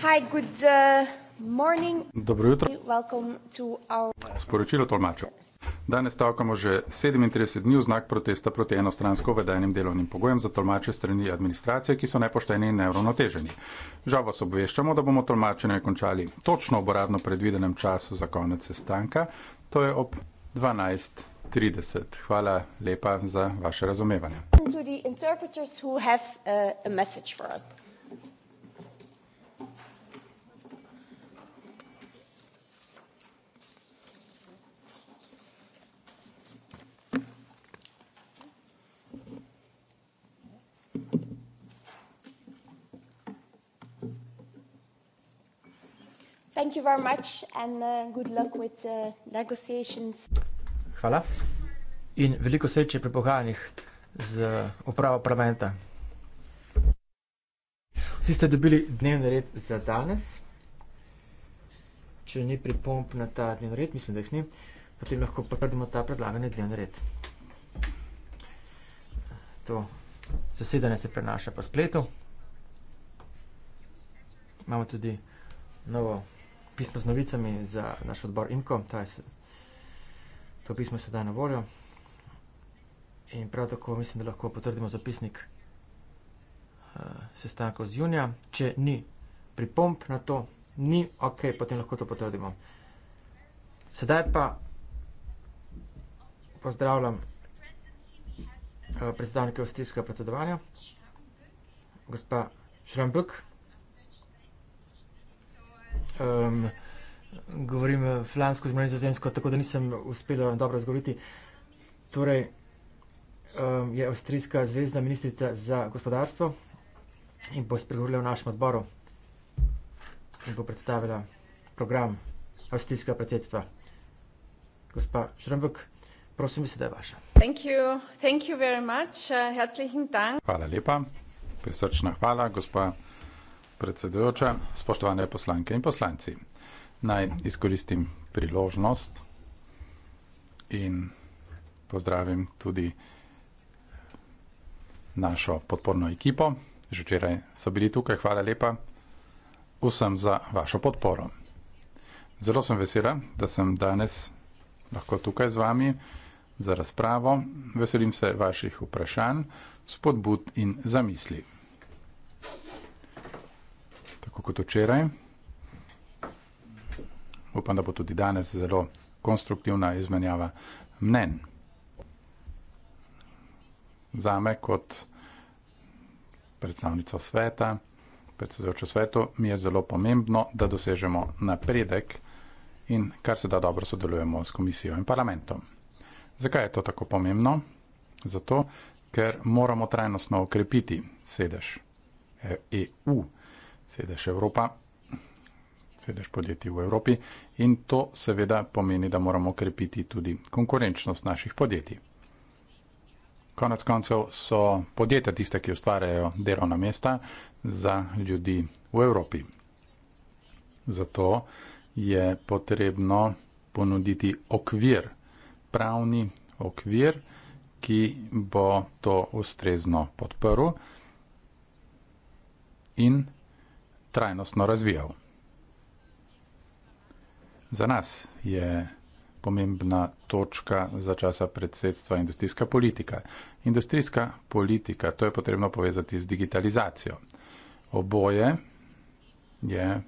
Hi, good uh, morning. Dobro jutro. Our... Sporočilo tolmača. Danes stavkamo že 37 dni v znak protesta proti enostransko vedenim delovnim pogojem za tolmače strani administracije, ki so nepošteni in neuronoteženi. Žal vas obveščamo, da bomo tolmačenje končali točno v uradno predvidenem času za konec sestanka, to je ob 12. 30. Hvala lepa za vaše razumevanje. thank you very much and uh, good luck with the uh, negotiations. Hvala. In veliko sreče pri pogajanjih z upravo parlamenta. Vsi ste dobili dnevni red za danes. Če ni pripomp na ta dnevni red, mislim, da jih ni, potem lahko potrdimo ta predlagani dnevni red. To zasedanje se prenaša po spletu. Imamo tudi novo pismo z novicami za naš odbor Inko, se, to pismo je sedaj na voljo. In prav tako mislim, da lahko potrdimo zapisnik uh, eh, sestanka z junija. Če ni pripomp na to, ni ok, potem lahko to potrdimo. Sedaj pa pozdravljam uh, predstavnike avstrijskega predsedovanja, gospa Šrambuk um, govorim eh, flansko, zmerno nizozemsko, tako da nisem uspela dobro zgovoriti. Torej, um, je avstrijska zvezdna ministrica za gospodarstvo in bo spregovorila v našem odboru in bo predstavila program avstrijskega predsedstva. Gospa Šrembek. Prosim, mislim, da je vaša. Thank you. Thank you very much. Uh, herzlichen Dank. Hvala lepa. Prisrčna hvala, gospa predsedujoča, spoštovane poslanke in poslanci. Naj izkoristim priložnost in pozdravim tudi našo podporno ekipo. Že včeraj so bili tukaj, hvala lepa vsem za vašo podporo. Zelo sem vesela, da sem danes lahko tukaj z vami za razpravo. Veselim se vaših vprašanj, spodbud in zamisli kot včeraj. Upam, da bo tudi danes zelo konstruktivna izmenjava mnen. Zame kot predstavnico sveta, predsedujočo svetu, mi je zelo pomembno, da dosežemo napredek in kar se da dobro sodelujemo s komisijo in parlamentom. Zakaj je to tako pomembno? Zato, ker moramo trajnostno okrepiti sedež e- EU. -E sedež Evropa, sedež podjetij v Evropi in to seveda pomeni, da moramo krepiti tudi konkurenčnost naših podjetij. Konec koncev so podjetja tiste, ki ustvarjajo delovna mesta za ljudi v Evropi. Zato je potrebno ponuditi okvir, pravni okvir, ki bo to ustrezno podprl in trajnostno razvijal. Za nas je pomembna točka za časa predsedstva industrijska politika. Industrijska politika, to je potrebno povezati z digitalizacijo. Oboje je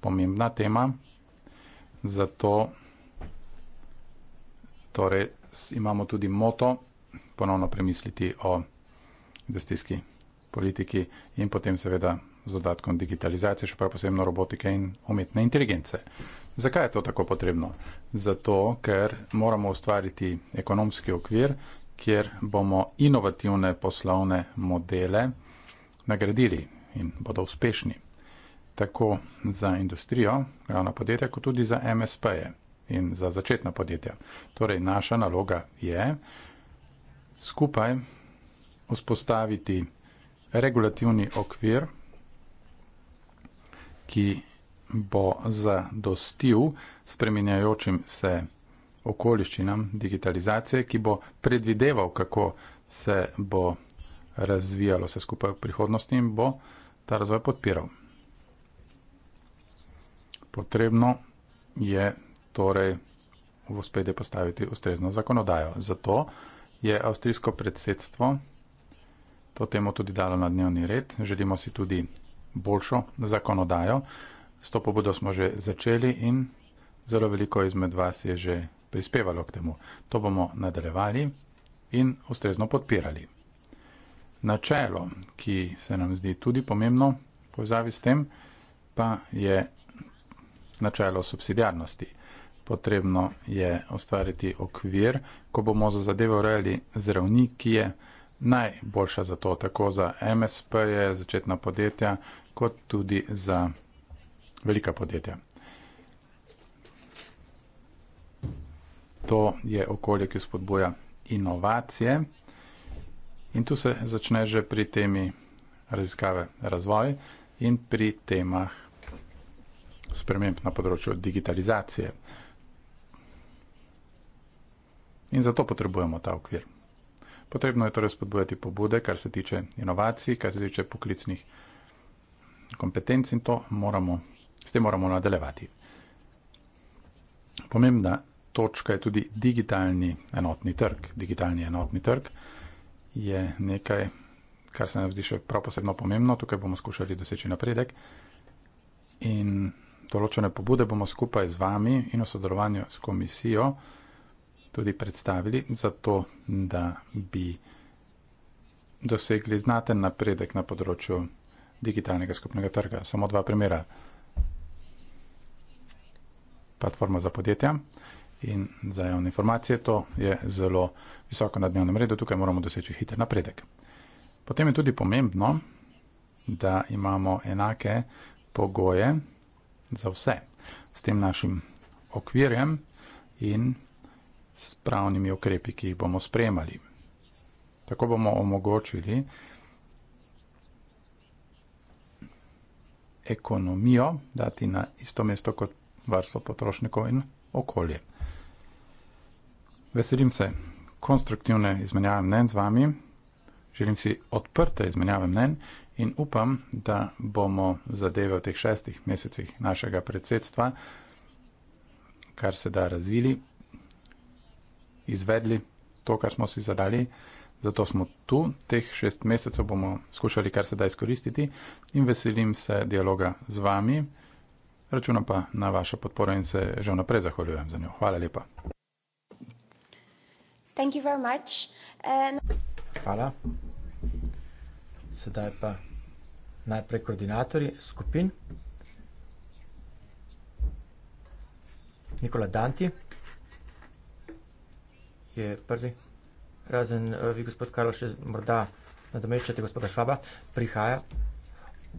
pomembna tema, zato torej, imamo tudi moto ponovno premisliti o industrijski politiki in potem seveda z dodatkom digitalizacije, še prav posebno robotike in umetne inteligence. Zakaj je to tako potrebno? Zato, ker moramo ustvariti ekonomski okvir, kjer bomo inovativne poslovne modele nagradili in bodo uspešni. Tako za industrijo, glavna podjetja, kot tudi za MSP-je in za začetna podjetja. Torej, naša naloga je skupaj vzpostaviti regulativni okvir ki bo zadostil spremenjajočim se okoliščinam digitalizacije, ki bo predvideval, kako se bo razvijalo vse skupaj v prihodnosti in bo ta razvoj podpiral. Potrebno je torej v uspede postaviti ustrezno zakonodajo. Zato je avstrijsko predsedstvo to temo tudi dalo na dnevni red. Želimo si tudi boljšo zakonodajo. S to pobudo smo že začeli in zelo veliko izmed vas je že prispevalo k temu. To bomo nadaljevali in ustrezno podpirali. Načelo, ki se nam zdi tudi pomembno v povezavi s tem, pa je načelo subsidijarnosti. Potrebno je ustvariti okvir, ko bomo za zadeve urejali z ravni, ki je najboljša za to, tako za MSP-je, začetna podjetja, kot tudi za velika podjetja. To je okolje, ki spodbuja inovacije in tu se začne že pri temi raziskave razvoj in pri temah sprememb na področju digitalizacije. In zato potrebujemo ta okvir. Potrebno je torej spodbujati pobude, kar se tiče inovacij, kar se tiče poklicnih inovacij, kompetenc in to moramo, s tem moramo nadaljevati. Pomembna točka je tudi digitalni enotni trg. Digitalni enotni trg je nekaj, kar se nam zdi še prav posebno pomembno, tukaj bomo skušali doseči napredek in določene pobude bomo skupaj z vami in v sodelovanju s komisijo tudi predstavili, zato da bi dosegli znaten napredek na področju digitalnega skupnega trga. Samo dva primera. Platforma za podjetja in za javne informacije, to je zelo visoko na dnevnem redu, tukaj moramo doseči hiter napredek. Potem je tudi pomembno, da imamo enake pogoje za vse s tem našim okvirjem in s pravnimi okrepi, ki jih bomo spremali. Tako bomo omogočili, da bomo omogočili, ekonomijo, dati na isto mesto kot varstvo potrošnikov in okolje. Veselim se konstruktivne izmenjave mnen z vami, želim si odprte izmenjave mnen in upam, da bomo zadeve v teh šestih mesecih našega predsedstva, kar se da razvili, izvedli to, kar smo si zadali. Zato smo tu, teh šest mesecev bomo skušali kar se da izkoristiti in veselim se dialoga z vami. Računam pa na vašo podporo in se že vnaprej zahvaljujem za njo. Hvala lepa. Eh, no- Hvala. Sedaj pa najprej koordinatorji skupin. Nikola Danti je prvi razen eh, vi, gospod Karlo, še morda nadomeščate gospoda Švaba, prihaja.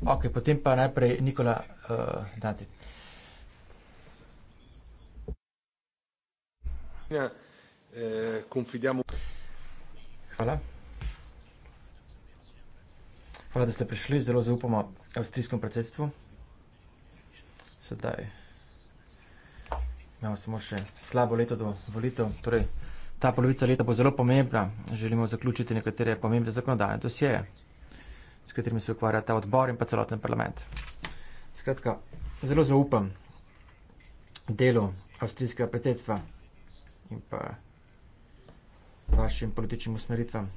Ok, potem pa najprej Nikola uh, Dante. Eh, Hvala. Hvala, da ste prišli, zelo zaupamo avstrijskom predsedstvu. Sedaj imamo samo še slabo leto do volitev, torej ta polovica leta bo zelo pomembna. Želimo zaključiti nekatere pomembne zakonodajne dosjeje, s katerimi se ukvarja ta odbor in pa celoten parlament. Skratka, zelo zaupam delu avstrijskega predsedstva in pa vašim političnim usmeritvam.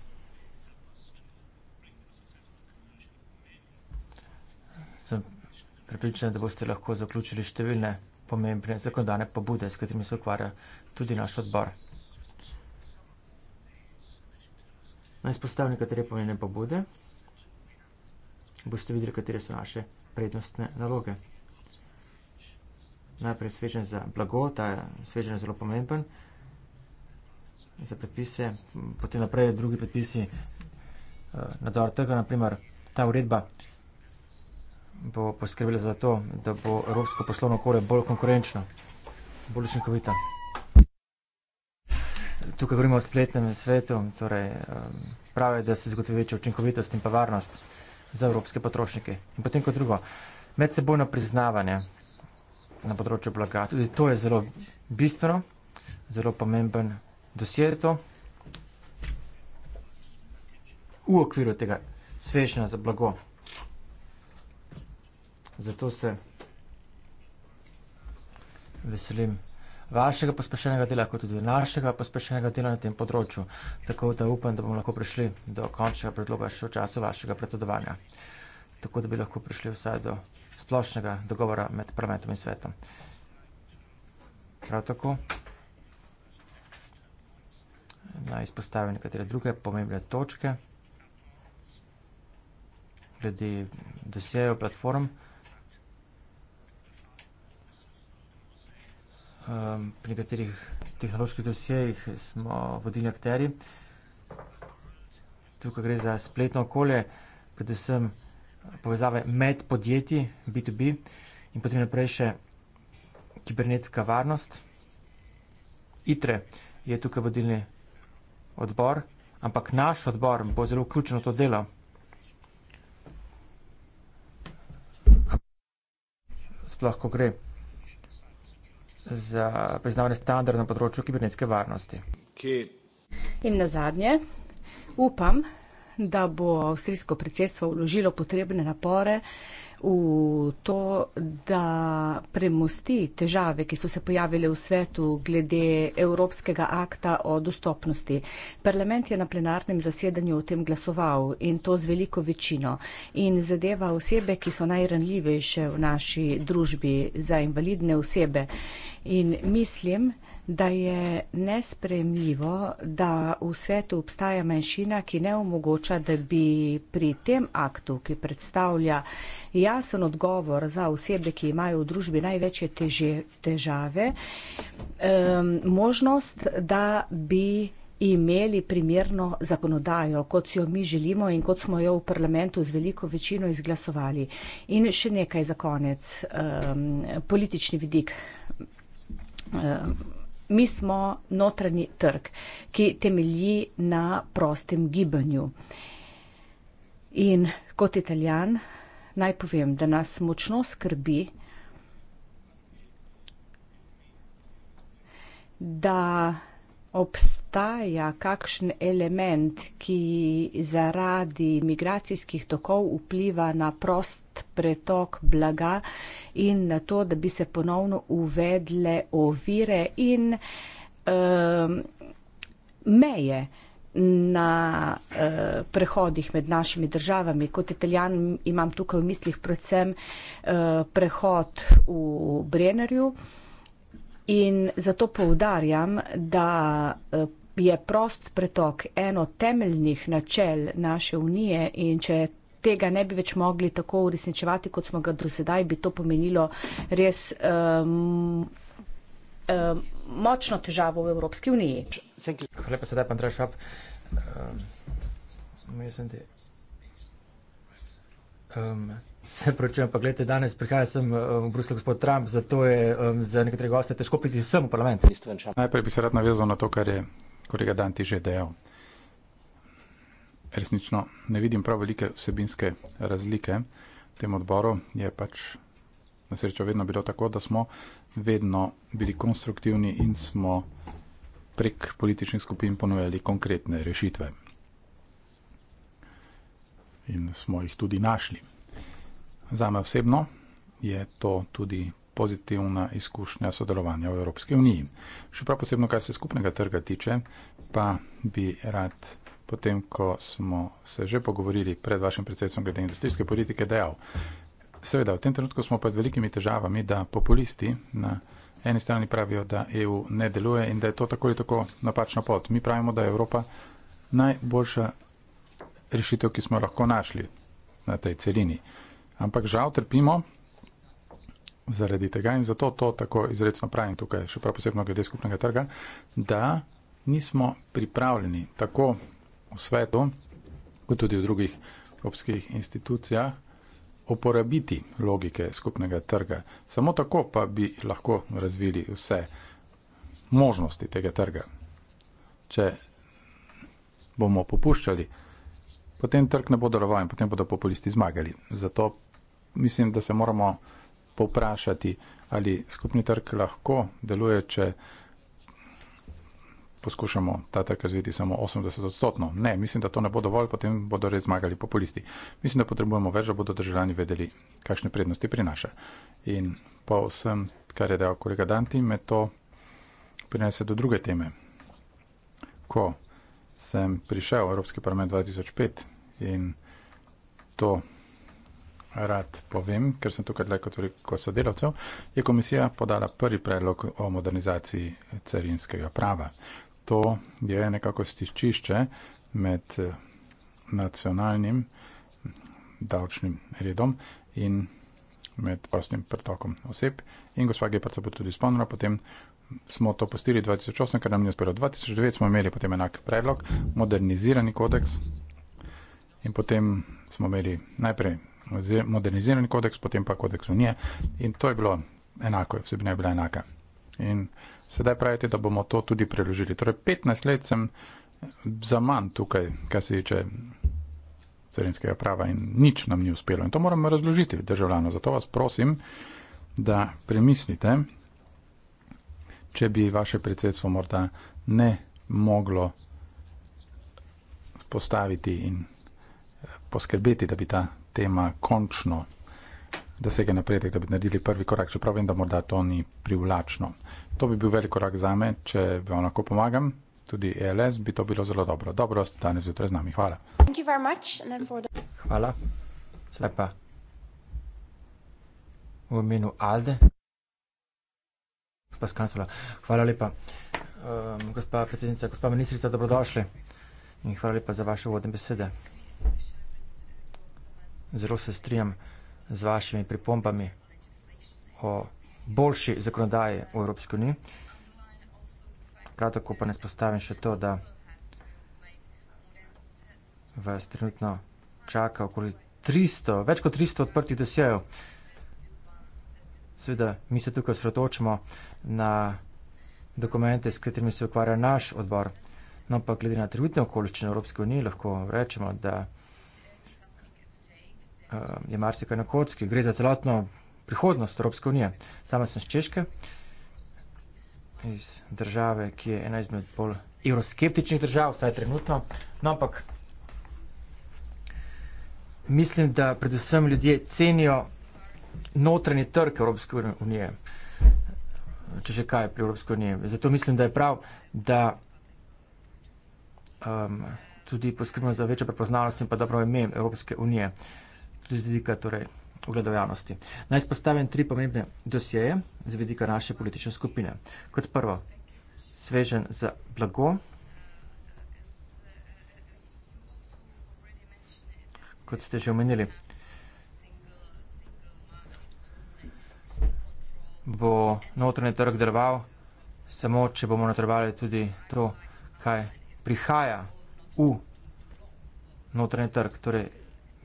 Sem prepričan, da boste lahko zaključili številne pomembne zakonodajne pobude, s katerimi se ukvarja tudi naš odbor. Naj izpostavim nekatere pomembne pobude. Boste videli, katere so naše prednostne naloge. Najprej svežen za blago, ta svežen je zelo pomemben za predpise, potem naprej drugi predpisi eh, nadzor trga, naprimer ta uredba bo poskrbila za to, da bo evropsko poslovno okolje bolj konkurenčno, bolj učinkovito tukaj govorimo o spletnem svetu, torej prave, da se zagotovi večjo učinkovitost in pa varnost za evropske potrošnike. In potem kot drugo, medsebojno priznavanje na področju blaga, tudi to je zelo bistveno, zelo pomemben dosje je to. V okviru tega svešnja za blago. Zato se veselim vašega pospešenega dela, kot tudi našega pospešenega dela na tem področju. Tako da upam, da bomo lahko prišli do končnega predloga še v času vašega predsedovanja. Tako da bi lahko prišli vsaj do splošnega dogovora med parlamentom in svetom. Prav tako na izpostavljanje nekatere druge pomembne točke glede dosjejev platform. um, pri nekaterih tehnoloških dosjejih smo vodilni akteri. Tukaj gre za spletno okolje, predvsem povezave med podjetji, B2B in potem naprej še kibernetska varnost. ITRE je tukaj vodilni odbor, ampak naš odbor bo zelo vključen v to delo. Sploh, ko gre za priznavanje standardov na področju kibernetske varnosti. Ki... In na zadnje, upam, da bo avstrijsko predsedstvo vložilo potrebne napore v to, da premosti težave, ki so se pojavile v svetu glede Evropskega akta o dostopnosti. Parlament je na plenarnem zasedanju o tem glasoval in to z veliko večino in zadeva osebe, ki so najranljivejše v naši družbi za invalidne osebe. In mislim, da je nespremljivo, da v svetu obstaja manjšina, ki ne omogoča, da bi pri tem aktu, ki predstavlja jasen odgovor za osebe, ki imajo v družbi največje teže, težave, um, možnost, da bi imeli primerno zakonodajo, kot si jo mi želimo in kot smo jo v parlamentu z veliko večino izglasovali. In še nekaj za konec. Um, politični vidik. Um, Mi smo notranji trg, ki temelji na prostem gibanju. In kot italijan naj povem, da nas močno skrbi, da obstaja kakšen element, ki zaradi migracijskih tokov vpliva na prost pretok blaga in na to, da bi se ponovno uvedle ovire in uh, meje na uh, prehodih med našimi državami. Kot italijan imam tukaj v mislih predvsem uh, prehod v Brennerju. Uh, In zato poudarjam, da eh, je prost pretok eno temeljnih načel naše unije in če tega ne bi več mogli tako uresničevati, kot smo ga do sedaj, bi to pomenilo res um, um, močno težavo v Evropski uniji. Hvala lepa, sedaj pa Andrej Švab. Um, Se pravi, ampak gledajte, danes prihaja sem eh, v Bruslju gospod Trump, zato je um, za nekatere goste težko priti sem v parlament. Najprej bi se rad navezal na to, kar je kolega Danti že dejal. Resnično ne vidim prav velike vsebinske razlike v tem odboru. Je pač na srečo vedno bilo tako, da smo vedno bili konstruktivni in smo prek političnih skupin ponujali konkretne rešitve. In smo jih tudi našli. Za me osebno je to tudi pozitivna izkušnja sodelovanja v Evropski uniji. Še prav posebno, kar se skupnega trga tiče, pa bi rad potem, ko smo se že pogovorili pred vašim predsedstvom glede industrijske politike, dejal. Seveda, v tem trenutku smo pred velikimi težavami, da populisti na eni strani pravijo, da EU ne deluje in da je to tako ali tako napačna pot. Mi pravimo, da je Evropa najboljša rešitev, ki smo lahko našli na tej celini. Ampak žal trpimo zaradi tega in zato to tako izredno pravim tukaj, še prav posebno glede skupnega trga, da nismo pripravljeni tako v svetu, kot tudi v drugih evropskih institucijah, uporabiti logike skupnega trga. Samo tako pa bi lahko razvili vse možnosti tega trga. Če bomo popuščali, potem trg ne bo deloval in potem bodo populisti zmagali. Zato mislim, da se moramo poprašati, ali skupni trg lahko deluje, če poskušamo ta trg razviti samo 80 odstotno. Ne, mislim, da to ne bo dovolj, potem bodo res zmagali populisti. Mislim, da potrebujemo več, da bodo državljani vedeli, kakšne prednosti prinaša. In pa vsem, kar je dejal kolega Danti, me to prinese do druge teme. Ko sem prišel v Evropski parlament 2005 in to rad povem, ker sem tukaj le kot veliko sodelavcev, je komisija podala prvi predlog o modernizaciji carinskega prava. To je nekako stiščišče med eh, nacionalnim davčnim redom in med prostim pretokom oseb. In gospa Gepard se bo tudi spomnila, potem smo to postili 2008, ker nam je uspelo. 2009 smo imeli potem enak predlog, modernizirani kodeks in potem smo imeli najprej modernizirani kodeks, potem pa kodeks unije. In to je bilo enako, vsebina je bila enaka. In sedaj pravite, da bomo to tudi preložili. Torej, 15 let sem za manj tukaj, kar se tiče carinskega prava in nič nam ni uspelo. In to moramo razložiti državljano. Zato vas prosim, da premislite, če bi vaše predsedstvo morda ne moglo postaviti in eh, poskrbeti, da bi ta tema končno dosega napredek, da bi naredili prvi korak, čeprav vem, da morda to ni privlačno. To bi bil velik korak zame, če bi vam lahko pomagam, tudi ELS bi to bilo zelo dobro. Dobro ste danes zjutraj z nami, hvala. Hvala. Zdaj pa v imenu Alde. Gospa Skansola, hvala lepa. Um, gospa predsednica, gospa ministrica, dobrodošli. In hvala lepa za vaše vodne besede zelo se strijam z vašimi pripombami o boljši zakonodaji v Evropski uniji. Prav tako pa ne spostavim še to, da vas trenutno čaka okoli 300, več kot 300 odprtih dosjejev. Seveda, mi se tukaj osredotočimo na dokumente, s katerimi se ukvarja naš odbor. No pa glede na trenutne okoliščine Evropske unije lahko rečemo, da Eh, je marsikaj na kocki, gre za celotno prihodnost Evropske unije. Sama sem iz Češke, iz države, ki je ena izmed bolj evroskeptičnih držav, vsaj trenutno. No, ampak mislim, da predvsem ljudje cenijo notranji trg Evropske unije, če že kaj pri Evropske unije. Zato mislim, da je prav, da um, tudi poskrbimo za večjo prepoznavnost in pa dobro ime Evropske unije z vidika torej, ogledovanosti. Naj spostavim tri pomembne dosjeje z vidika naše politične skupine. Kot prvo, svežen za blago. Kot ste že omenili, bo notranji trg deloval samo, če bomo natrvali tudi to, kaj prihaja v notranji trg, torej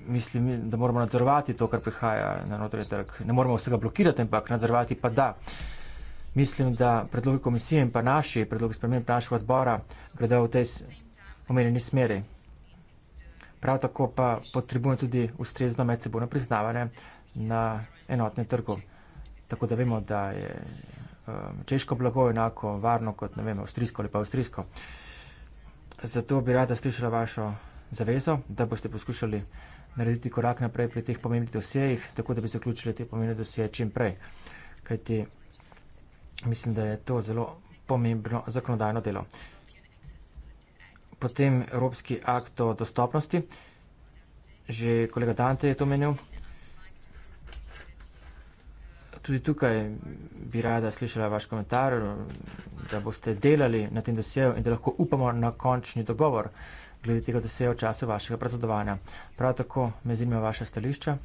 mislim, da moramo nadzorovati to, kar prihaja na notranji trg. Ne moramo vsega blokirati, ampak nadzorovati pa da. Mislim, da predlogi komisije in pa naši, predlogi sprememb našega odbora, gredo v tej omenjeni smeri. Prav tako pa potrebujemo tudi ustrezno medsebojno priznavanje na enotnem trgu. Tako da vemo, da je um, češko blago enako varno kot, ne vem, avstrijsko ali pa avstrijsko. Zato bi rada slišala vašo zavezo, da boste poskušali narediti korak naprej pri teh pomembnih dosjejih, tako da bi zaključili te pomembne dosjeje čim prej. Kajti mislim, da je to zelo pomembno zakonodajno delo. Potem Evropski akt o dostopnosti. Že kolega Dante je to menil, tudi tukaj bi rada slišala vaš komentar, da boste delali na tem dosjeju in da lahko upamo na končni dogovor glede tega dosjeja v času vašega predsedovanja. Prav tako me zanima vaša stališča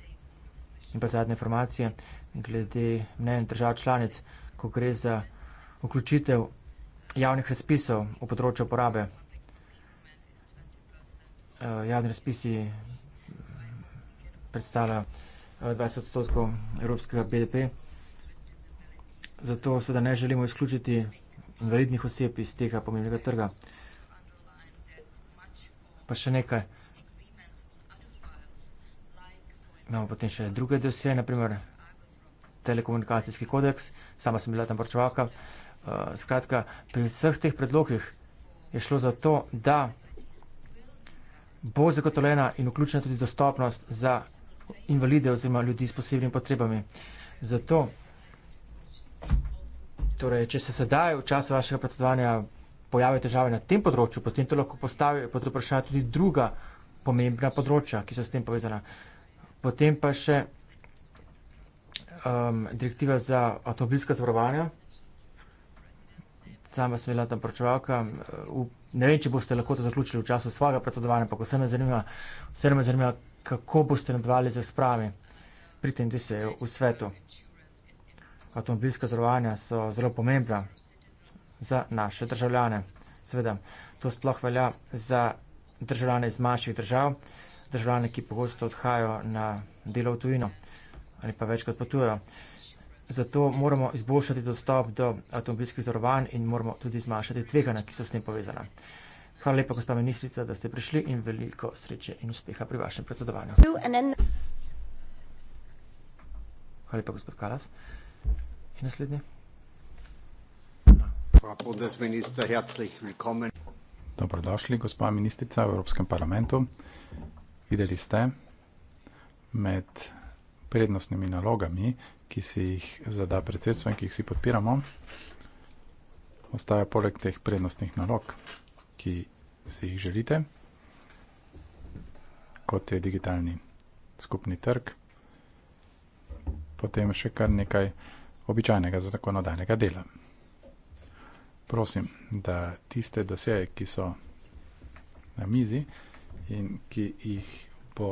in pa zadnje informacije glede mnen držav članic, ko gre za vključitev javnih razpisov v področju uporabe. Eh, javni razpisi predstavljajo 20 eh, odstotkov evropskega BDP zato seveda ne želimo izključiti invalidnih oseb iz tega pomembnega trga. Pa še nekaj. Imamo potem še druge dosje, naprimer telekomunikacijski kodeks, sama sem bila tam poročevalka. Eh, skratka, pri vseh teh predlogih je šlo za to, da bo zagotovljena in vključena tudi dostopnost za invalide oziroma ljudi s posebnimi potrebami. Zato Torej, če se sedaj v času vašega predsedovanja pojavijo težave na tem področju, potem to lahko postavi pod vprašanje tudi druga pomembna področja, ki so s tem povezana. Potem pa še um, direktiva za avtomobilska zavarovanja. Sama sem bila tam pročevalka. Ne vem, če boste lahko to zaključili v času svojega predsedovanja, ampak vse me zanima, vse me zanima kako boste nadvali za sprave pri tem, da se je v svetu avtomobilska zavarovanja so zelo pomembna za naše državljane. Seveda, to sploh velja za državljane iz manjših držav, državljane, ki pogosto odhajajo na delo v tujino ali pa večkrat potujejo. Zato moramo izboljšati dostop do avtomobilskih zavarovanj in moramo tudi zmanjšati tvegana, ki so s tem povezana. Hvala lepa, gospa ministrica, da ste prišli in veliko sreče in uspeha pri vašem predsedovanju. Hvala lepa, gospod Kalas. In naslednje. Podesminister, herzlich willkommen. Dobrodošli, gospa ministrica v Evropskem parlamentu. Videli ste med prednostnimi nalogami, ki si jih zada predsedstvo in ki jih si podpiramo, ostaja poleg teh prednostnih nalog, ki si jih želite, kot je digitalni skupni trg, potem še kar nekaj običajnega zakonodajnega dela. Prosim, da tiste doseje, ki so na mizi in ki jih bo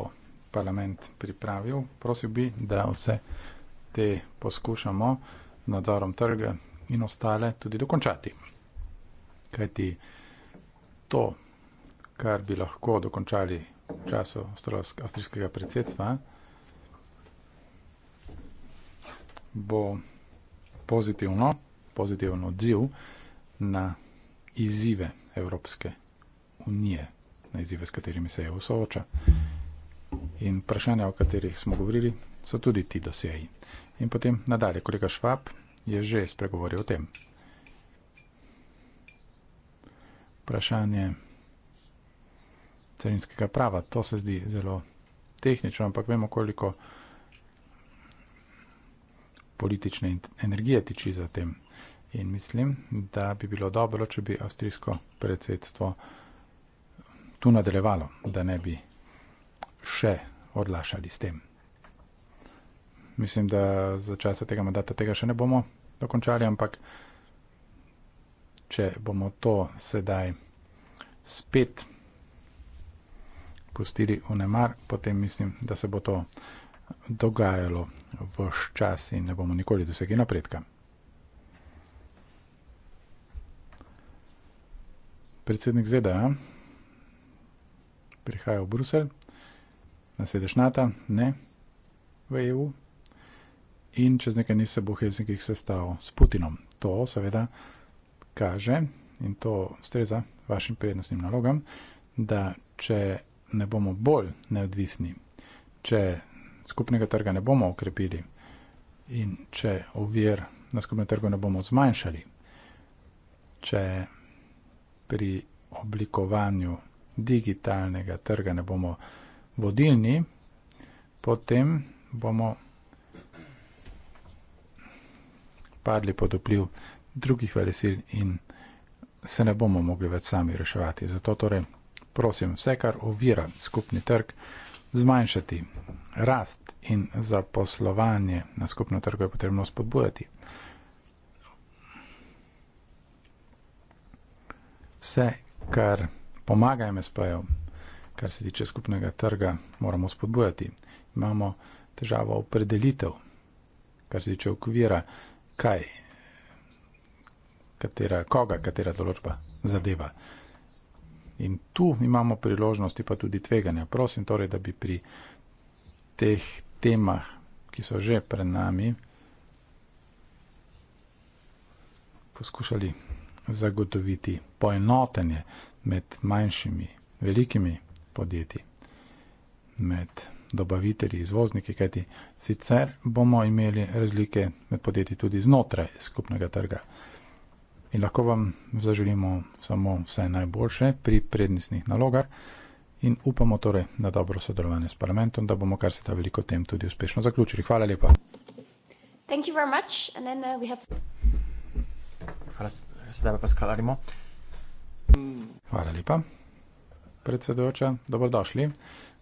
parlament pripravil, prosil bi, da vse te poskušamo nadzorom trga in ostale tudi dokončati. Kajti to, kar bi lahko dokončali v času avstrijskega predsedstva, bo pozitivno, pozitiven odziv na izzive Evropske unije, na izzive, s katerimi se je usoča. In vprašanja, o katerih smo govorili, so tudi ti dosjeji. In potem nadalje, kolega Švab je že spregovoril o tem. Vprašanje carinskega prava, to se zdi zelo tehnično, ampak vemo, koliko politične energije tiči za tem. In mislim, da bi bilo dobro, če bi avstrijsko predsedstvo tu nadaljevalo, da ne bi še odlašali s tem. Mislim, da za časa tega mandata tega še ne bomo dokončali, ampak če bomo to sedaj spet pustili v nemar, potem mislim, da se bo to dogajalo v ščas in ne bomo nikoli dosegli napredka. Predsednik ZDA prihaja v Brusel, nasedeš NATO, ne v EU in čez nekaj dni se bo Helsinkih sestal s Putinom. To seveda kaže in to streza vašim prednostnim nalogam, da če ne bomo bolj neodvisni, če skupnega trga ne bomo okrepili in če ovir na skupnem trgu ne bomo zmanjšali, če pri oblikovanju digitalnega trga ne bomo vodilni, potem bomo padli pod vpliv drugih velesil in se ne bomo mogli več sami reševati. Zato torej prosim vse, kar ovira skupni trg, zmanjšati rast in zaposlovanje na skupno trgu je potrebno spodbujati. Vse, kar pomaga MSP-jev, kar se tiče skupnega trga, moramo spodbujati. Imamo težavo opredelitev, kar se tiče okvira, kaj, katera, koga, katera določba zadeva. In tu imamo priložnosti, pa tudi tveganja. Prosim torej, da bi pri teh temah, ki so že pred nami, poskušali zagotoviti poenotenje med manjšimi, velikimi podjetji, med dobavitelji, izvozniki, kajti sicer bomo imeli razlike med podjetji tudi znotraj skupnega trga. In lahko vam zaželimo samo vse najboljše pri prednostnih nalogah in upamo torej na dobro sodelovanje s parlamentom, da bomo kar se ta veliko tem tudi uspešno zaključili. Hvala lepa. Thank you very much. And then, uh, we have... Hvala, sedaj pa skalarimo. Hvala lepa. Predsedujoča, dobrodošli.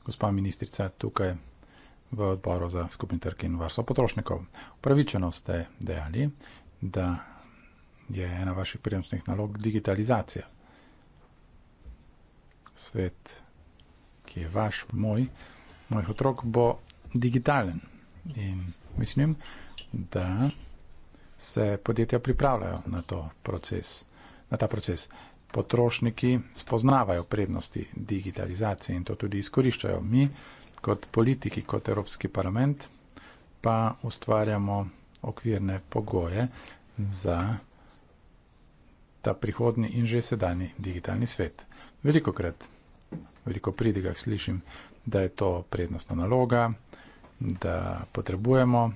Gospa ministrica tukaj v odboru za skupni trg in varstvo potrošnikov. Upravičeno ste dejali, da je ena vaših prednostnih nalog digitalizacija. Svet ki je vaš, moj, mojih otrok, bo digitalen. In mislim, da se podjetja pripravljajo na, proces, na ta proces. Potrošniki spoznavajo prednosti digitalizacije in to tudi izkoriščajo. Mi, kot politiki, kot Evropski parlament, pa ustvarjamo okvirne pogoje za ta prihodni in že sedajni digitalni svet. Veliko krat veliko pridiga slišim, da je to prednostna naloga, da potrebujemo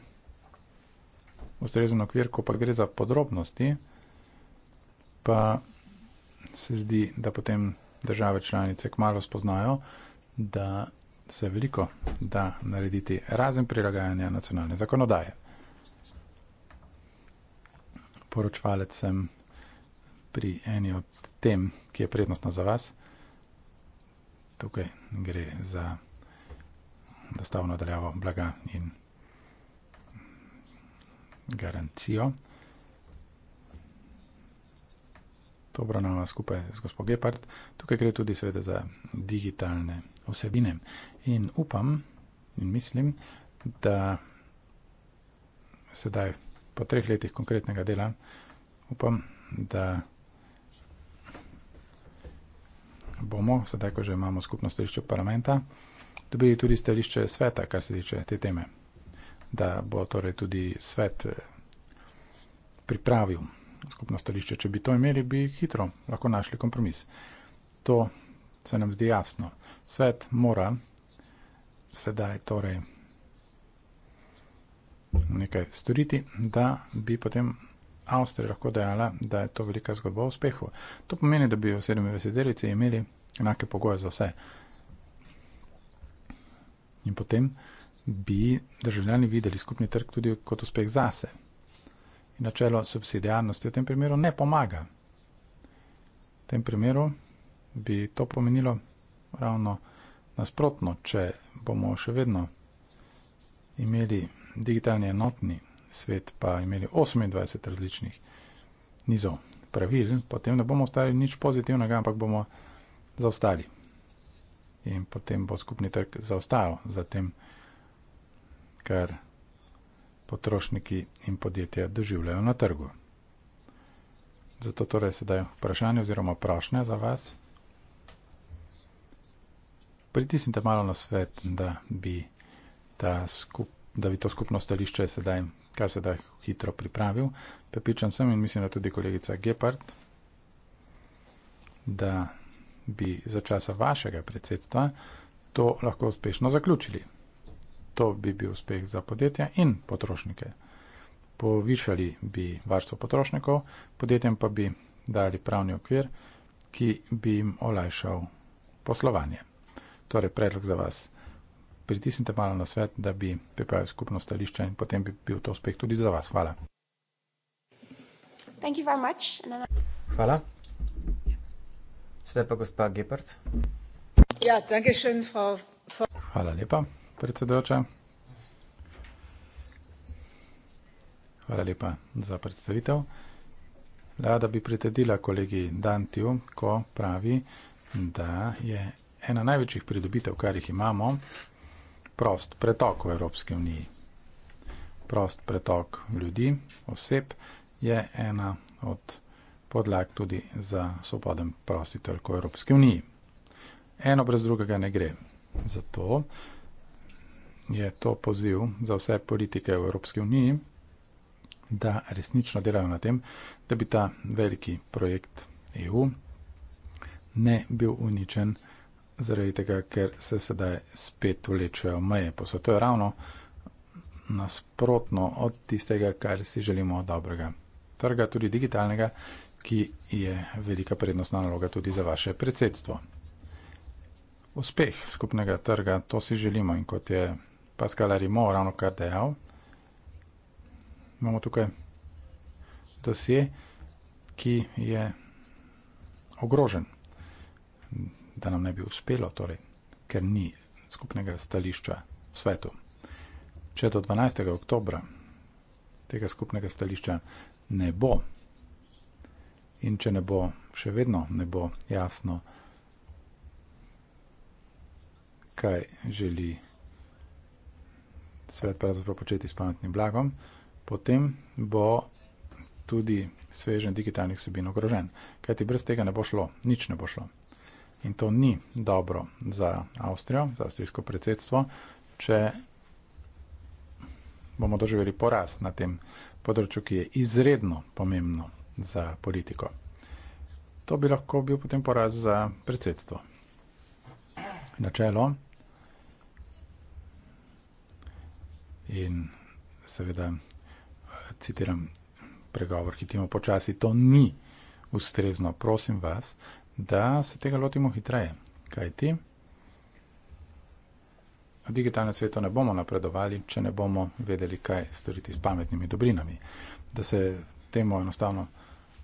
ustrezen okvir, ko pa gre za podrobnosti, pa se zdi, da potem države članice kmalo spoznajo, da se veliko da narediti razen prilagajanja nacionalne zakonodaje. Poročvalec sem pri eni od tem, ki je prednostna za vas tukaj gre za dostavno daljavo blaga in garancijo. To obravnava skupaj z gospod Gepard. Tukaj gre tudi seveda za digitalne vsebine. In upam in mislim, da sedaj po treh letih konkretnega dela upam, da bomo, sedaj ko že imamo skupno stališče parlamenta, dobili tudi stališče sveta, kar se tiče te teme. Da bo torej tudi svet eh, pripravil skupno stališče. Če bi to imeli, bi hitro lahko našli kompromis. To se nam zdi jasno. Svet mora sedaj torej nekaj storiti, da bi potem Avstrija lahko dejala, da je to velika zgodba o uspehu. To pomeni, da bi v 27-erici imeli enake pogoje za vse. In potem bi državljani videli skupni trg tudi kot uspeh zase. In načelo subsidijarnosti v tem primeru ne pomaga. V tem primeru bi to pomenilo ravno nasprotno, če bomo še vedno imeli digitalni enotni svet pa imeli 28 različnih nizov pravil, potem ne bomo ostali nič pozitivnega, ampak bomo zaostali. In potem bo skupni trg zaostajal za tem, kar potrošniki in podjetja doživljajo na trgu. Zato torej sedaj vprašanje oziroma prošnja za vas. Pritisnite malo na svet, da bi ta skupnost da bi to skupno stališče sedaj, kar se da hitro pripravil. Pepičan sem in mislim, da tudi kolegica Gepard, da bi za časa vašega predsedstva to lahko uspešno zaključili. To bi bil uspeh za podjetja in potrošnike. Povišali bi varstvo potrošnikov, podjetjem pa bi dali pravni okvir, ki bi jim olajšal poslovanje. Torej, predlog za vas je pritisnite malo na svet, da bi pripravili skupno stališče in potem bi bil to uspeh tudi za vas. Hvala. Hvala. Sedaj pa gospa Gepard. Ja, dankeschön, Frau... Hvala lepa, predsedujoča. Hvala lepa za predstavitev. Rada bi pritedila kolegi Dantiju, ko pravi, da je ena največjih pridobitev, kar jih imamo, prost pretok v Evropski uniji. Prost pretok ljudi, oseb je ena od podlag tudi za svoboden prosti trg v Evropski uniji. Eno brez drugega ne gre. Zato je to poziv za vse politike v Evropski uniji, da resnično delajo na tem, da bi ta veliki projekt EU ne bil uničen zaradi tega, ker se sedaj spet vlečejo meje. Posvetuje ravno nasprotno od tistega, kar si želimo dobrega trga, tudi digitalnega, ki je velika prednostna naloga tudi za vaše predsedstvo. Uspeh skupnega trga, to si želimo in kot je Pascal Arimo ravno kar dejal, imamo tukaj dosje, ki je ogrožen da nam ne bi uspelo, torej, ker ni skupnega stališča v svetu. Če do 12. oktobra tega skupnega stališča ne bo in če ne bo, še vedno ne bo jasno, kaj želi svet pravzaprav početi s pametnim blagom, potem bo tudi svežen digitalnih sebin ogrožen. Kajti brez tega ne bo šlo, nič ne bo šlo. In to ni dobro za Avstrijo, za avstrijsko predsedstvo, če bomo doživeli poraz na tem področju, ki je izredno pomembno za politiko. To bi lahko bil potem poraz za predsedstvo. Načelo in seveda citiram pregovor, ki timo počasi, to ni ustrezno, prosim vas, da se tega lotimo hitreje. Kaj ti? V digitalnem svetu ne bomo napredovali, če ne bomo vedeli, kaj storiti s pametnimi dobrinami. Da se temu enostavno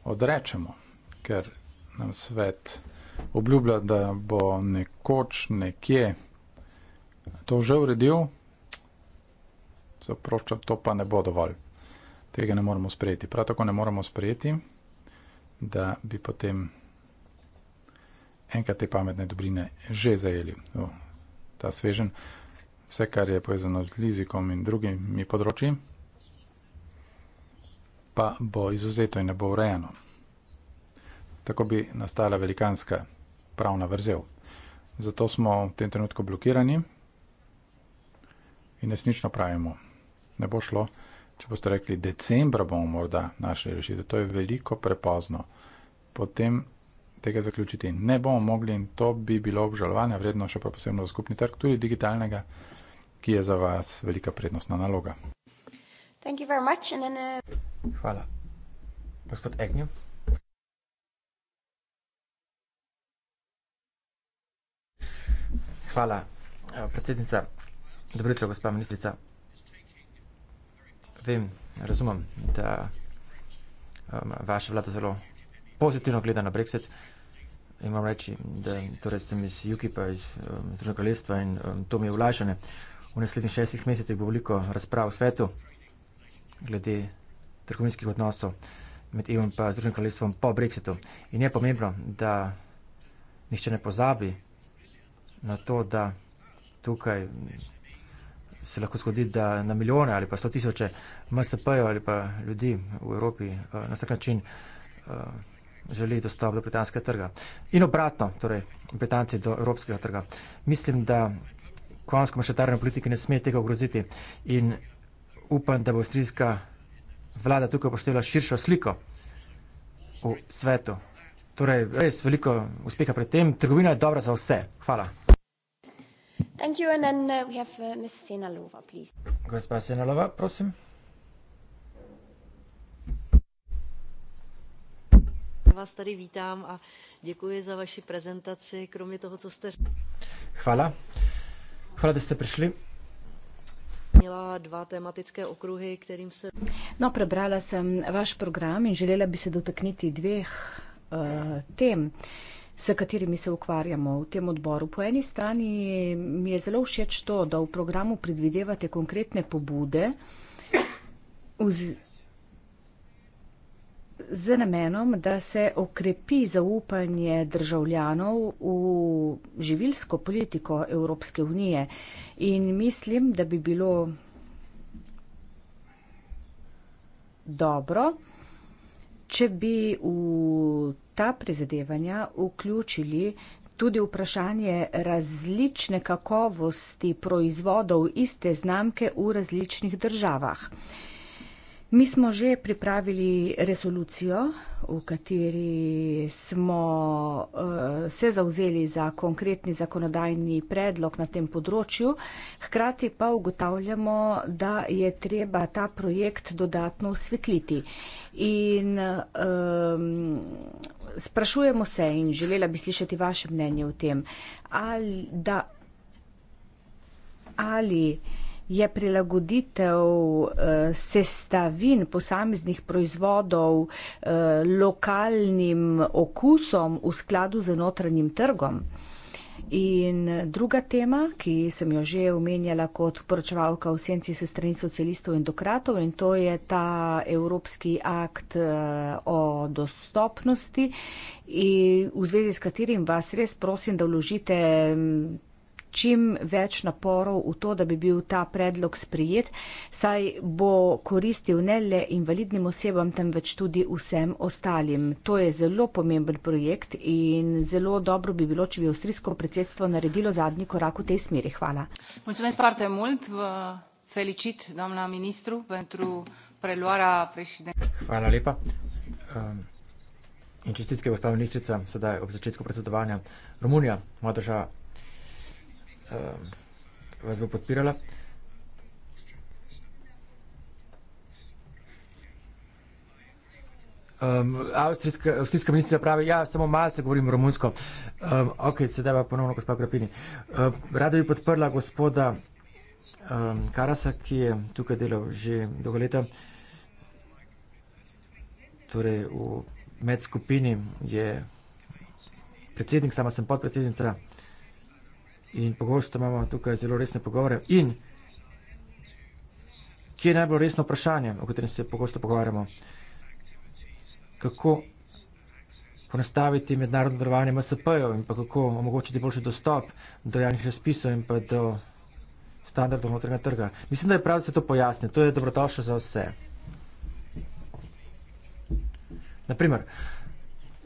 odrečemo, ker nam svet obljublja, da bo nekoč, nekje to že uredil, zaproščam, to pa ne bo dovolj. Tega ne moremo sprejeti. Prav tako ne moremo sprejeti, da bi potem enkrat te pametne dobrine že zajeli v ta svežen. Vse, kar je povezano z lizikom in drugimi področji, pa bo izuzeto in ne bo urejeno. Tako bi nastala velikanska pravna vrzel. Zato smo v tem trenutku blokirani in resnično pravimo, ne bo šlo, če boste rekli, decembra bomo morda našli rešitev. To je veliko prepozno. Potem tega zaključiti ne bomo mogli in to bi bilo obžalovanja vredno še pa posebno za skupni trg, tudi digitalnega, ki je za vas velika prednostna naloga. Thank you very much and then, uh... Hvala. Gospod Egnjo. Hvala, eh, predsednica. Dobro jutro, gospa ministrica. Vem, razumem, da um, vaša vlada zelo pozitivno gleda na Brexit. Imam reči, da torej sem iz UKIP-a, iz um, Združenega kraljestva in um, to mi je vlašanje. V naslednjih šestih mesecih bo veliko razprav v svetu glede trgovinskih odnosov med EU in pa Združenim kraljestvom po Brexitu. In je pomembno, da nihče ne pozabi na to, da tukaj se lahko zgodi, da na milijone ali pa sto tisoče MSP-jev ali pa ljudi v Evropi uh, na vsak način uh, želi dostop do britanskega trga. In obratno, torej Britanci do evropskega trga. Mislim, da konjsko mešetarne politike ne sme tega ogroziti in upam, da bo avstrijska vlada tukaj poštevala širšo sliko v svetu. Torej, res veliko uspeha pred tem. Trgovina je dobra za vse. Hvala. Thank you and then uh, we have uh, Ms. Senalova, please. Gospa Senalova, prosim. vás tady vítám a děkuji za vaši prezentaci, kromě toho, co jste řekl. Chvala. Chvala, že jste přišli. Měla dva tematické okruhy, kterým se... No, probrala jsem váš program in želela bi se dotakniti dveh uh, tem, s katerimi se ukvarjamo v tem odboru. Po eni strani mi je zelo všeč to, da v programu predvidevate konkretne pobude, z namenom, da se okrepi zaupanje državljanov v živilsko politiko Evropske unije. In mislim, da bi bilo dobro, če bi v ta prizadevanja vključili tudi vprašanje različne kakovosti proizvodov iste znamke v različnih državah. Mi smo že pripravili resolucijo, v kateri smo uh, se zauzeli za konkretni zakonodajni predlog na tem področju, hkrati pa ugotavljamo, da je treba ta projekt dodatno usvetliti. In um, sprašujemo se in želela bi slišati vaše mnenje o tem, ali da ali je prilagoditev eh, sestavin posameznih proizvodov eh, lokalnim okusom v skladu z notranjim trgom. In druga tema, ki sem jo že omenjala kot poročevalka v senci se strani socialistov in dokratov in to je ta evropski akt eh, o dostopnosti, v zvezi s katerim vas res prosim, da vložite čim več naporov v to, da bi bil ta predlog sprijet, saj bo koristil ne le invalidnim osebam, temveč tudi vsem ostalim. To je zelo pomemben projekt in zelo dobro bi bilo, če bi avstrijsko predsedstvo naredilo zadnji korak v tej smeri. Hvala. Hvala lepa. Um, in čestitke, gospa ministrica, sedaj ob začetku predsedovanja. Romunija, moja država, uh, vas bo podpirala. Um, avstrijska, avstrijska ministrica pravi, ja, samo malce govorim romunsko. Um, ok, sedaj pa ponovno gospa Krapini. Uh, rada bi podprla gospoda um, Karasa, ki je tukaj delal že dolgo leta. Torej, v medskupini je predsednik, sama sem podpredsednica in pogosto imamo tukaj zelo resne pogovore. In kje je najbolj resno vprašanje, o katerem se pogosto pogovarjamo? Kako ponastaviti mednarodno delovanje MSP-jev in pa kako omogočiti boljši dostop do javnih razpisov in pa do standardov notranjega trga. Mislim, da je prav, da se to pojasni. To je dobrodošlo za vse. Naprimer,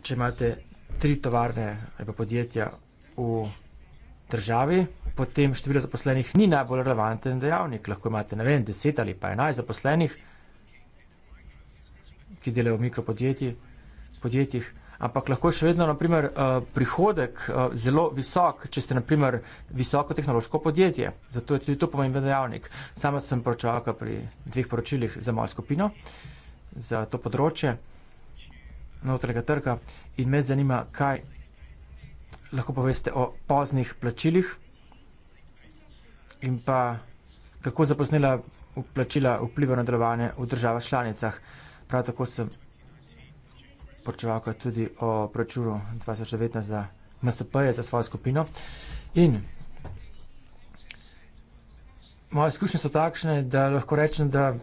če imate tri tovarne ali pa podjetja v državi, potem število zaposlenih ni najbolj relevanten dejavnik. Lahko imate, ne vem, deset ali pa enajst zaposlenih, ki delajo v mikropodjetjih, ampak lahko še vedno, naprimer, eh, prihodek eh, zelo visok, če ste, naprimer, visoko tehnološko podjetje. Zato je tudi to pomemben dejavnik. Sama sem poročevalka pri dveh poročilih za mojo skupino, za to področje notranjega trga in me zanima, kaj lahko poveste o poznih plačilih in pa kako zaposnila plačila vpliva na delovanje v državah članicah. Prav tako sem poročeval tudi o proračunu 2019 za MSP -je, za svojo skupino. In moje izkušnje so takšne, da lahko rečem, da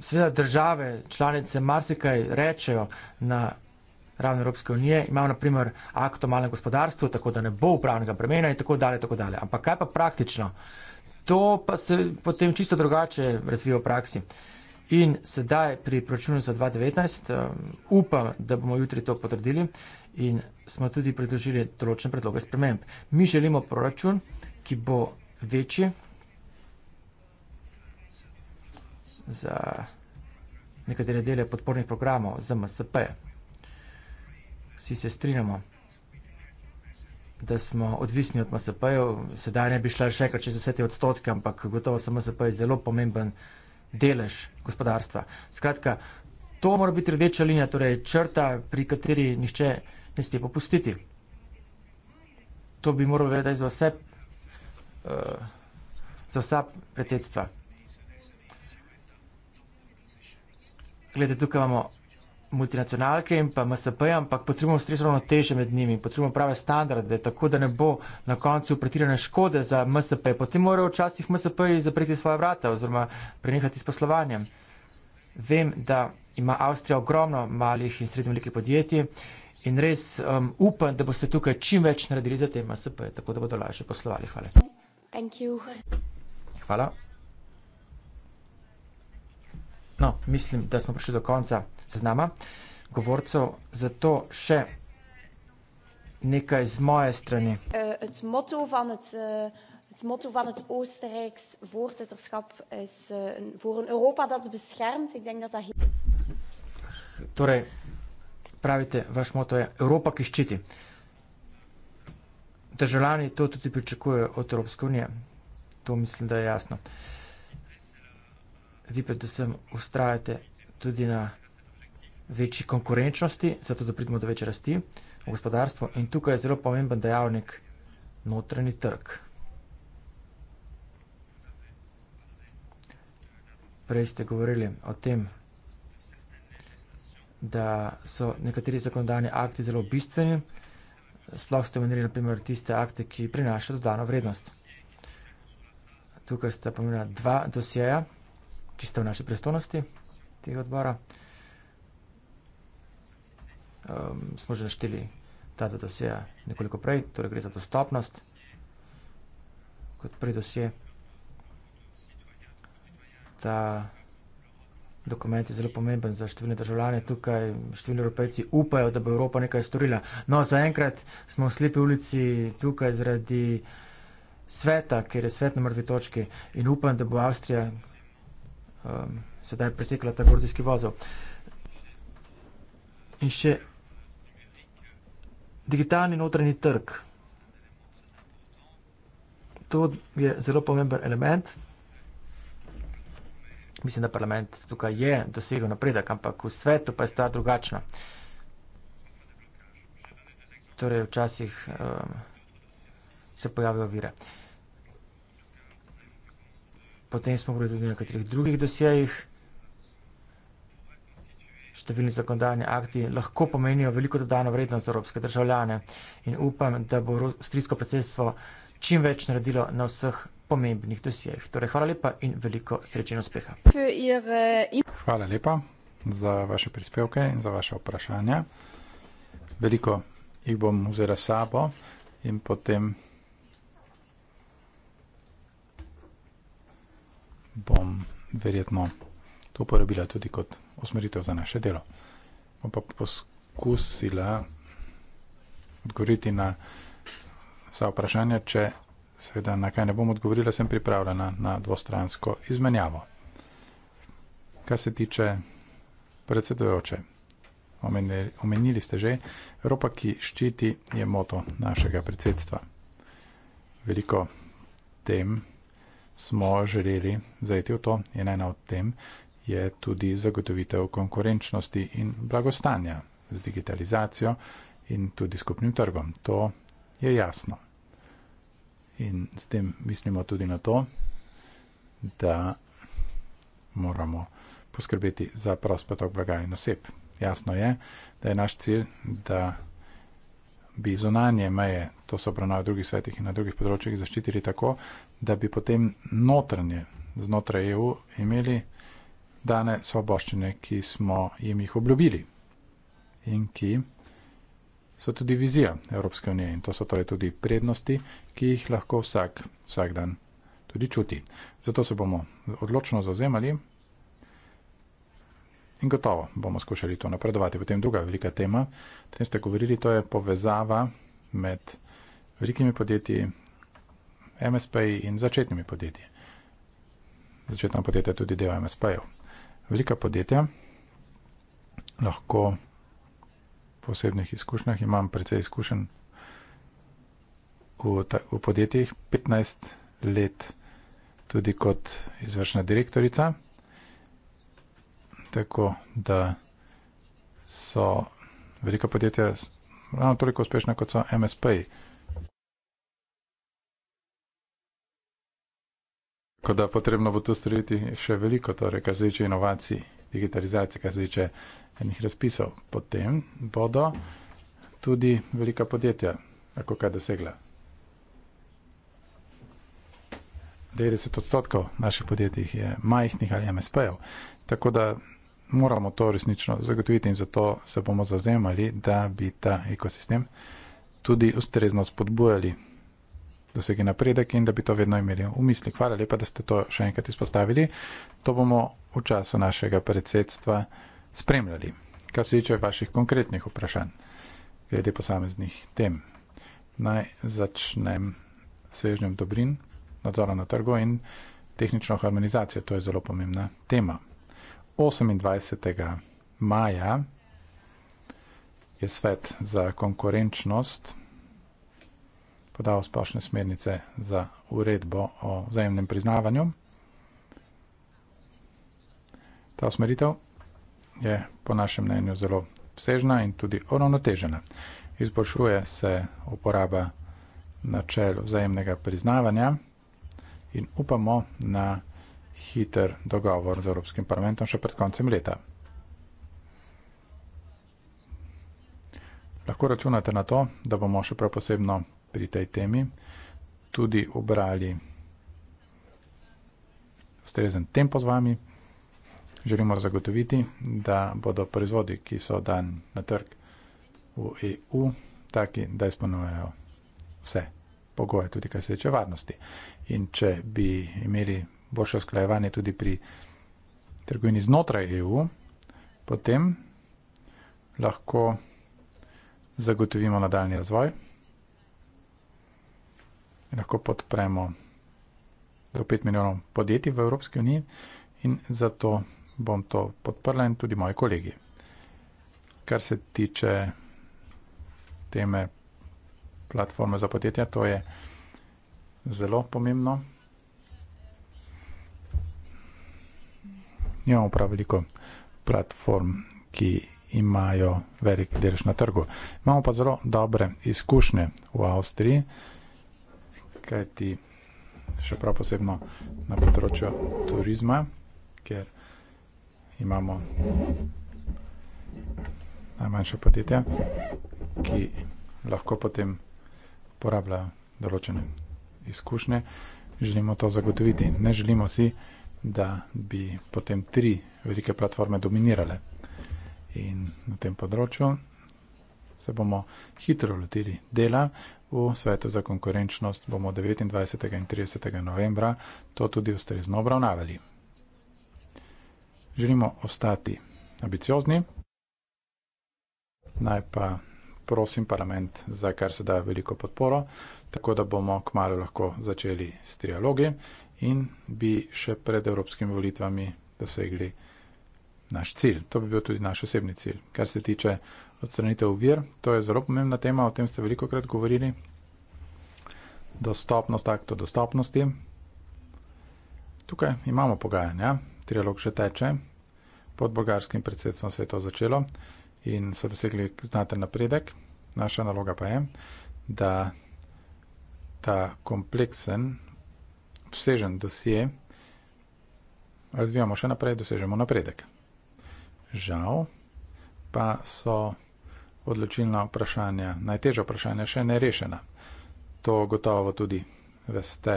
seveda države članice marsikaj rečejo na ravni Evropske unije, imamo naprimer akt o malem gospodarstvu, tako da ne bo upravnega bremena in tako dalje. Tako dalje. Ampak kaj pa praktično? To pa se potem čisto drugače razvija v praksi. In sedaj pri proračunu za 2019 eh, upam, da bomo jutri to potrdili in smo tudi predložili določene predloge sprememb. Mi želimo proračun, ki bo večji za nekatere dele podpornih programov za MSP. -je. Vsi se strinjamo, da smo odvisni od MSP-jev. Sedaj ne bi šla še kar čez vse te odstotke, ampak gotovo so MSP-ji zelo pomemben delež gospodarstva. Skratka, to mora biti rdeča linija, torej črta, pri kateri nišče ne sme popustiti. To bi moral vedeti za vse, uh, za vsa predsedstva. Glede, tukaj imamo multinacionalke in pa MSP, ampak potrebujemo ustrezno ravnoteže med njimi, potrebujemo prave standarde, tako da ne bo na koncu pretirane škode za MSP. Potem morajo včasih MSP zapreti svoje vrata oziroma prenehati s poslovanjem. Vem, da ima Avstrija ogromno malih in srednjih velikih podjetij in res um, upam, da boste tukaj čim več naredili za te MSP, tako da bodo lažje poslovali. Hvala. Hvala. No, mislim, da smo prišli do konca seznama govorcev. Zato še nekaj z moje strani. Uh, Het motto van het Oostenrijks voorzitterschap is uh, voor een Europa dat beschermt. Ik denk dat dat heel... Torej, pravite, vaš moto je Europa, ki ščiti. Državljani to tudi pričakujejo od Evropske unije. To mislim, da je jasno. Vi predvsem ustrajate tudi na večji konkurenčnosti, zato da pridemo do večje rasti v gospodarstvu. In tukaj je zelo pomemben dejavnik notranji trg. Prej ste govorili o tem, da so nekateri zakonodajni akti zelo bistveni. Sploh ste omenili naprimer tiste akte, ki prinašajo dodano vrednost. Tukaj sta pomenila dva dosjeja, ki sta v naši pristojnosti tega odbora um, smo že našteli ta dva doseja nekoliko prej, torej gre za dostopnost kot prej dosje. Ta dokument je zelo pomemben za številne državljane tukaj, številni evropejci upajo, da bo Evropa nekaj storila. No, zaenkrat smo v slepi ulici tukaj zaradi sveta, ker je svet na mrtvi točki in upam, da bo Avstrija um, sedaj presekla ta gordijski vozov. In še digitalni notranji trg. To je zelo pomemben element. Mislim, da parlament tukaj je dosegel napredek, ampak v svetu pa je stvar drugačna. Torej, včasih um, se pojavijo vire. Potem smo govorili tudi o nekaterih drugih dosjejih številni zakonodajni akti lahko pomenijo veliko dodano vrednost za evropske državljane in upam, da bo avstrijsko predsedstvo čim več naredilo na vseh pomembnih dosjejih. Torej, hvala lepa in veliko sreče in uspeha. Hvala lepa za vaše prispevke in za vaše vprašanja. Veliko jih bom vzela sabo in potem bom verjetno to uporabila tudi kot usmeritev za naše delo. Bom pa poskusila odgovoriti na vsa vprašanja, če seveda na kaj ne bom odgovorila, sem pripravljena na dvostransko izmenjavo. Kar se tiče predsedujoče, omenili ste že, Evropa, ki ščiti, je moto našega predsedstva. Veliko tem smo želeli zajeti v to in ena od tem je tudi zagotovitev konkurenčnosti in blagostanja z digitalizacijo in tudi skupnim trgom. To je jasno. In s tem mislimo tudi na to, da moramo poskrbeti za prost potok blaga in oseb. Jasno je, da je naš cilj, da bi zunanje meje, to so obravnave v drugih svetih in na drugih področjih, zaščitili tako, da bi potem notranje, znotraj EU, imeli dane svoboščine, ki smo jim jih obljubili in ki so tudi vizija Evropske unije in to so torej tudi prednosti, ki jih lahko vsak, vsak dan tudi čuti. Zato se bomo odločno zauzemali in gotovo bomo skušali to napredovati. Potem druga velika tema, o tem ste govorili, to je povezava med velikimi podjetji MSP in začetnimi podjetji. Začetna podjetja tudi del MSP-jev velika podjetja, lahko po osebnih izkušnjah imam precej izkušen v, ta, v podjetjih, 15 let tudi kot izvršna direktorica, tako da so velika podjetja ravno toliko uspešna kot so MSP. -ji. Tako da potrebno bo to storiti še veliko, torej kar se tiče inovacij, digitalizacije, kar se tiče enih razpisov. Potem bodo tudi velika podjetja lahko kaj dosegla. 90 odstotkov naših podjetij je majhnih ali MSP-jev. Tako da moramo to resnično zagotoviti in zato se bomo zauzemali, da bi ta ekosistem tudi ustrezno spodbujali dosegli napredek in da bi to vedno imeli v mislih. Hvala lepa, da ste to še enkrat izpostavili. To bomo v času našega predsedstva spremljali, kar se tiče vaših konkretnih vprašanj glede posameznih tem. Naj začnem s svežnjem dobrin, nadzora na trgu in tehnično harmonizacijo. To je zelo pomembna tema. 28. maja je svet za konkurenčnost podal splošne smernice za uredbo o vzajemnem priznavanju. Ta usmeritev je po našem mnenju zelo vsežna in tudi uravnotežena. Izboljšuje se uporaba načel vzajemnega priznavanja in upamo na hiter dogovor z Evropskim parlamentom še pred koncem leta. Lahko računate na to, da bomo še prav posebno pri tej temi tudi obrali ustrezen tempo z vami. Želimo zagotoviti, da bodo proizvodi, ki so dan na trg v EU, taki, da izpolnjujejo vse pogoje, tudi kar se tiče varnosti. In če bi imeli boljše usklajevanje tudi pri trgovini znotraj EU, potem lahko zagotovimo nadaljni razvoj lahko podpremo do 5 milijonov podjetij v Evropski uniji in zato bom to podprla in tudi moji kolegi. Kar se tiče teme platforme za podjetja, to je zelo pomembno. Imamo prav veliko platform, ki imajo velik delež na trgu. Imamo pa zelo dobre izkušnje v Avstriji kaj ti še prav posebno na področju turizma, kjer imamo najmanjše podjetja, ki lahko potem uporabljajo določene izkušnje. Želimo to zagotoviti. Ne želimo si, da bi potem tri velike platforme dominirale. In na tem področju se bomo hitro lotili dela, V svetu za konkurenčnost bomo 29. in 30. novembra to tudi ustrezno obravnavali. Želimo ostati ambiciozni. Naj pa prosim parlament za kar se da veliko podporo, tako da bomo kmalo lahko začeli s trialogi in bi še pred evropskimi volitvami dosegli naš cilj. To bi bil tudi naš osebni cilj. Kar se tiče odstranitev vir, to je zelo pomembna tema, o tem ste veliko krat govorili. Dostopnost, akto dostopnosti. Tukaj imamo pogajanja, trialog še teče, pod bolgarskim predsedstvom se je to začelo in so dosegli znaten napredek. Naša naloga pa je, da ta kompleksen, obsežen dosje razvijamo še naprej, dosežemo napredek. Žal pa so odločilna vprašanja, najtežja vprašanja še nerešena. To gotovo tudi veste,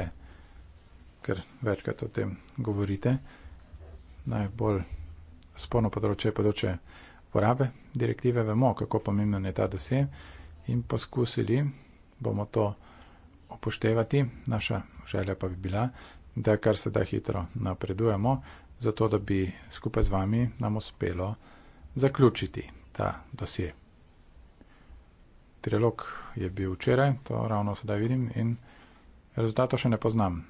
ker večkrat o tem govorite. Najbolj spolno področje je področje porabe direktive. Vemo, kako pomemben je ta dosje in poskusili bomo to upoštevati. Naša želja pa bi bila, da kar se da hitro napredujemo, zato da bi skupaj z vami nam uspelo zaključiti ta dosje trilog je bil včeraj, to ravno sedaj vidim in rezultato še ne poznam.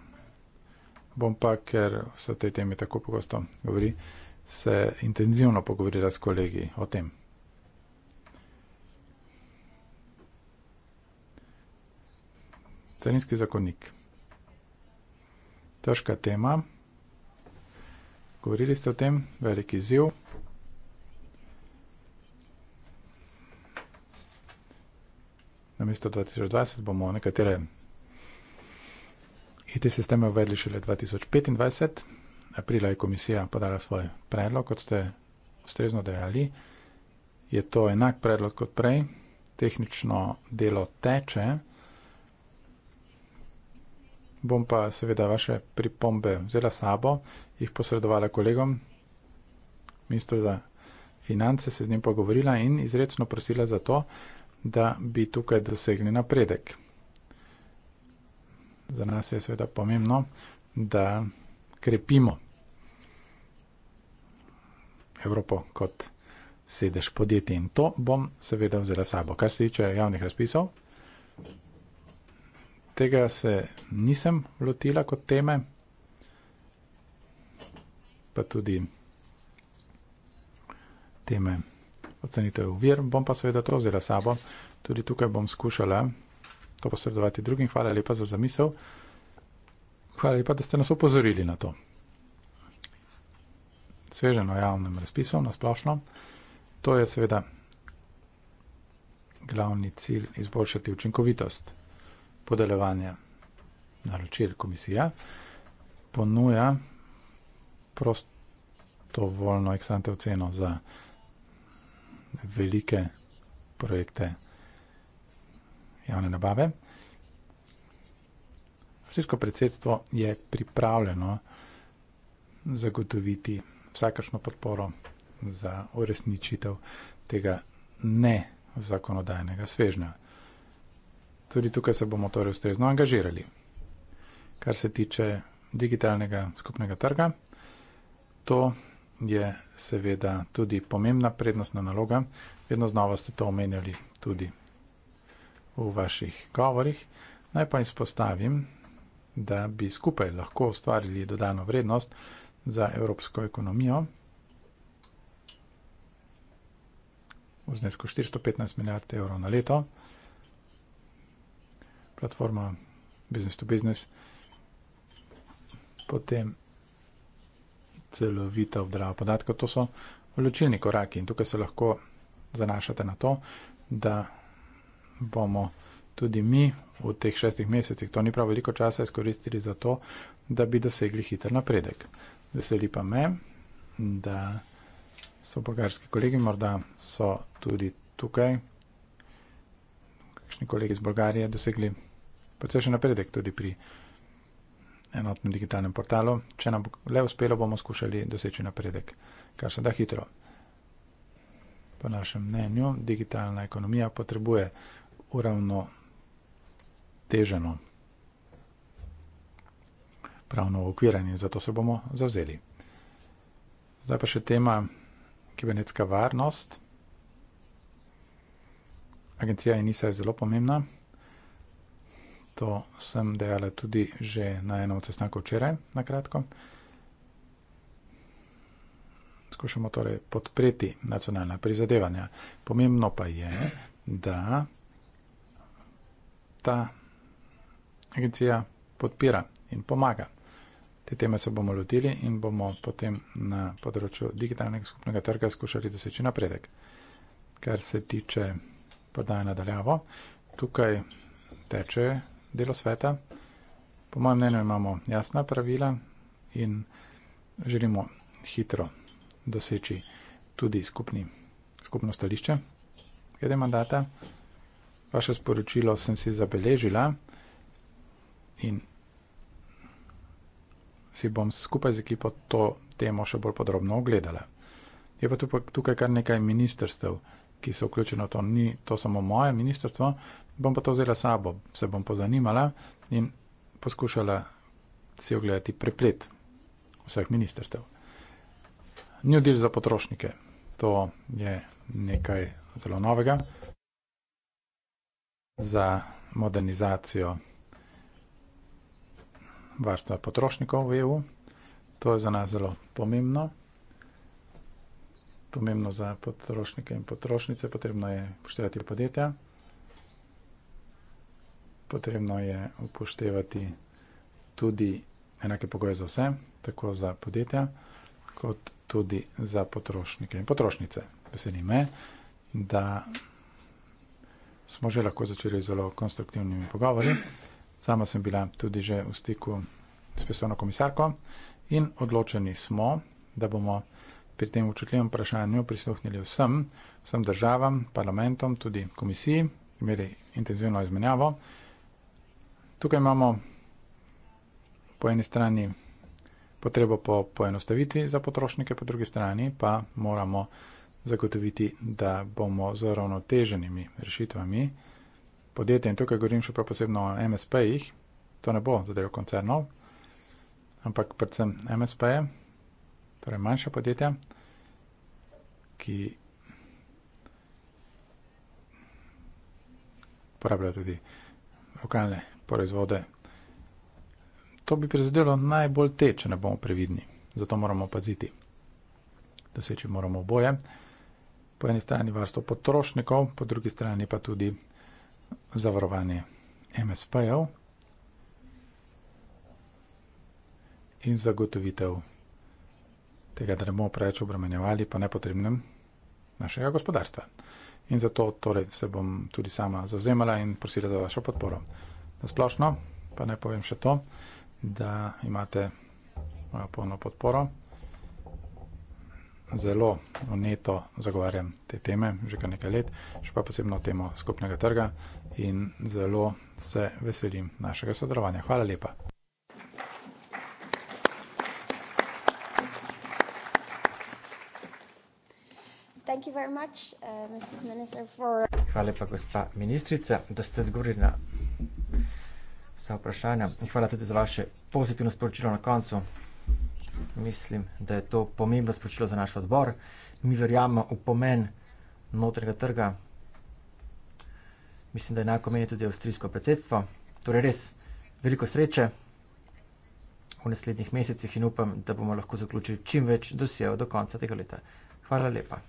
Bom pa, ker se o tej temi tako pogosto govori, se intenzivno pogovorila s kolegi o tem. Carinski zakonnik. Težka tema. Govorili ste o tem, veliki ziv. Na mesto 2020 bomo nekatere IT sisteme uvedli šele 2025. Aprila je komisija podala svoj predlog, kot ste ustrezno dejali. Je to enak predlog kot prej. Tehnično delo teče. Bom pa seveda vaše pripombe vzela sabo, jih posredovala kolegom, ministru za finance, se z njim pogovorila in izredno prosila za to, da bi tukaj dosegli napredek. Za nas je seveda pomembno, da krepimo Evropo kot sedež podjetij in to bom seveda vzela sabo. Kar se tiče javnih razpisov, tega se nisem lotila kot teme, pa tudi teme ocenitev vir, bom pa seveda to vzela sabo. Tudi tukaj bom skušala to posredovati drugim. Hvala lepa za zamisel. Hvala lepa, da ste nas opozorili na to. Sveženo javnem razpisom na splošno. To je seveda glavni cilj izboljšati učinkovitost podelevanja naročil komisija. Ponuja prostovoljno eksante oceno za velike projekte javne nabave. Vsiško predsedstvo je pripravljeno zagotoviti vsakršno podporo za uresničitev tega ne zakonodajnega svežnja. Tudi tukaj se bomo torej ustrezno angažirali. Kar se tiče digitalnega skupnega trga, to je seveda tudi pomembna prednostna naloga. Vedno znova ste to omenjali tudi v vaših govorih. Naj pa izpostavim, da bi skupaj lahko ustvarili dodano vrednost za evropsko ekonomijo v znesku 415 milijard evrov na leto. Platforma Business to Business potem celovita obdrava podatkov, to so ločeni koraki in tukaj se lahko zanašate na to, da bomo tudi mi v teh šestih mesecih, to ni prav veliko časa, izkoristili za to, da bi dosegli hiter napredek. Veseli pa me, da so bolgarski kolegi, morda so tudi tukaj, kakšni kolegi iz Bolgarije, dosegli precejšen napredek tudi pri enotnem digitalnem portalu. Če nam bo le uspelo, bomo skušali doseči napredek, kar se da hitro. Po našem mnenju, digitalna ekonomija potrebuje uravno teženo pravno okviranje, zato se bomo zavzeli. Zdaj pa še tema kibernetska varnost. Agencija Enisa je zelo pomembna. To sem dejala tudi že na enem od sestankov včeraj, na kratko. Skušamo torej podpreti nacionalna prizadevanja. Pomembno pa je, da ta agencija podpira in pomaga. Te teme se bomo lotili in bomo potem na področju digitalnega skupnega trga skušali doseči napredek. Kar se tiče podaje nadaljavo, tukaj teče delo sveta. Po mojem mnenju imamo jasna pravila in želimo hitro doseči tudi skupni, skupno stališče glede mandata. Vaše sporočilo sem si zabeležila in si bom skupaj z ekipo to temo še bolj podrobno ogledala. Je pa tukaj kar nekaj ministrstev, ki so vključeno v to. Ni to samo moje ministrstvo, bom pa to vzela sabo, se bom pozanimala in poskušala si ogledati preplet vseh ministrstev. New Deal za potrošnike, to je nekaj zelo novega za modernizacijo varstva potrošnikov v EU. To je za nas zelo pomembno. Pomembno za potrošnike in potrošnice, potrebno je poštevati podjetja potrebno je upoštevati tudi enake pogoje za vse, tako za podjetja, kot tudi za potrošnike in potrošnice. Veseli me, da smo že lahko začeli zelo konstruktivnimi pogovori. Sama sem bila tudi že v stiku s pesovno komisarko in odločeni smo, da bomo pri tem občutljivem vprašanju prisluhnili vsem, vsem državam, parlamentom, tudi komisiji, imeli intenzivno izmenjavo. Tukaj imamo po eni strani potrebo po poenostavitvi za potrošnike, po drugi strani pa moramo zagotoviti, da bomo z ravnoteženimi rešitvami podjetja, in tukaj govorim še prav posebno o MSP-jih, to ne bo zadel koncernov, ampak predvsem MSP-je, torej manjša podjetja, ki porabljajo tudi lokalne podjetja, proizvode. To bi prizadelo najbolj te, če ne bomo previdni. Zato moramo paziti. Doseči moramo oboje. Po eni strani varstvo potrošnikov, po drugi strani pa tudi zavarovanje MSP-jev in zagotovitev tega, da ne bomo preveč obremenjevali po nepotrebnem našega gospodarstva. In zato torej, se bom tudi sama zauzemala in prosila za vašo podporo. Na splošno pa naj povem še to, da imate mojo polno podporo. Zelo vneto zagovarjam te teme, že kar nekaj let, še pa posebno temo skupnega trga in zelo se veselim našega sodelovanja. Hvala lepa. Uh, Hvala lepa, gospa ministrica, da ste odgovorili na vsa vprašanja. Hvala tudi za vaše pozitivno sporočilo na koncu. Mislim, da je to pomembno sporočilo za naš odbor. Mi verjamemo v pomen notrega trga. Mislim, da je enako meni tudi avstrijsko predsedstvo. Torej res veliko sreče v naslednjih mesecih in upam, da bomo lahko zaključili čim več dosijev do konca tega leta. Hvala lepa.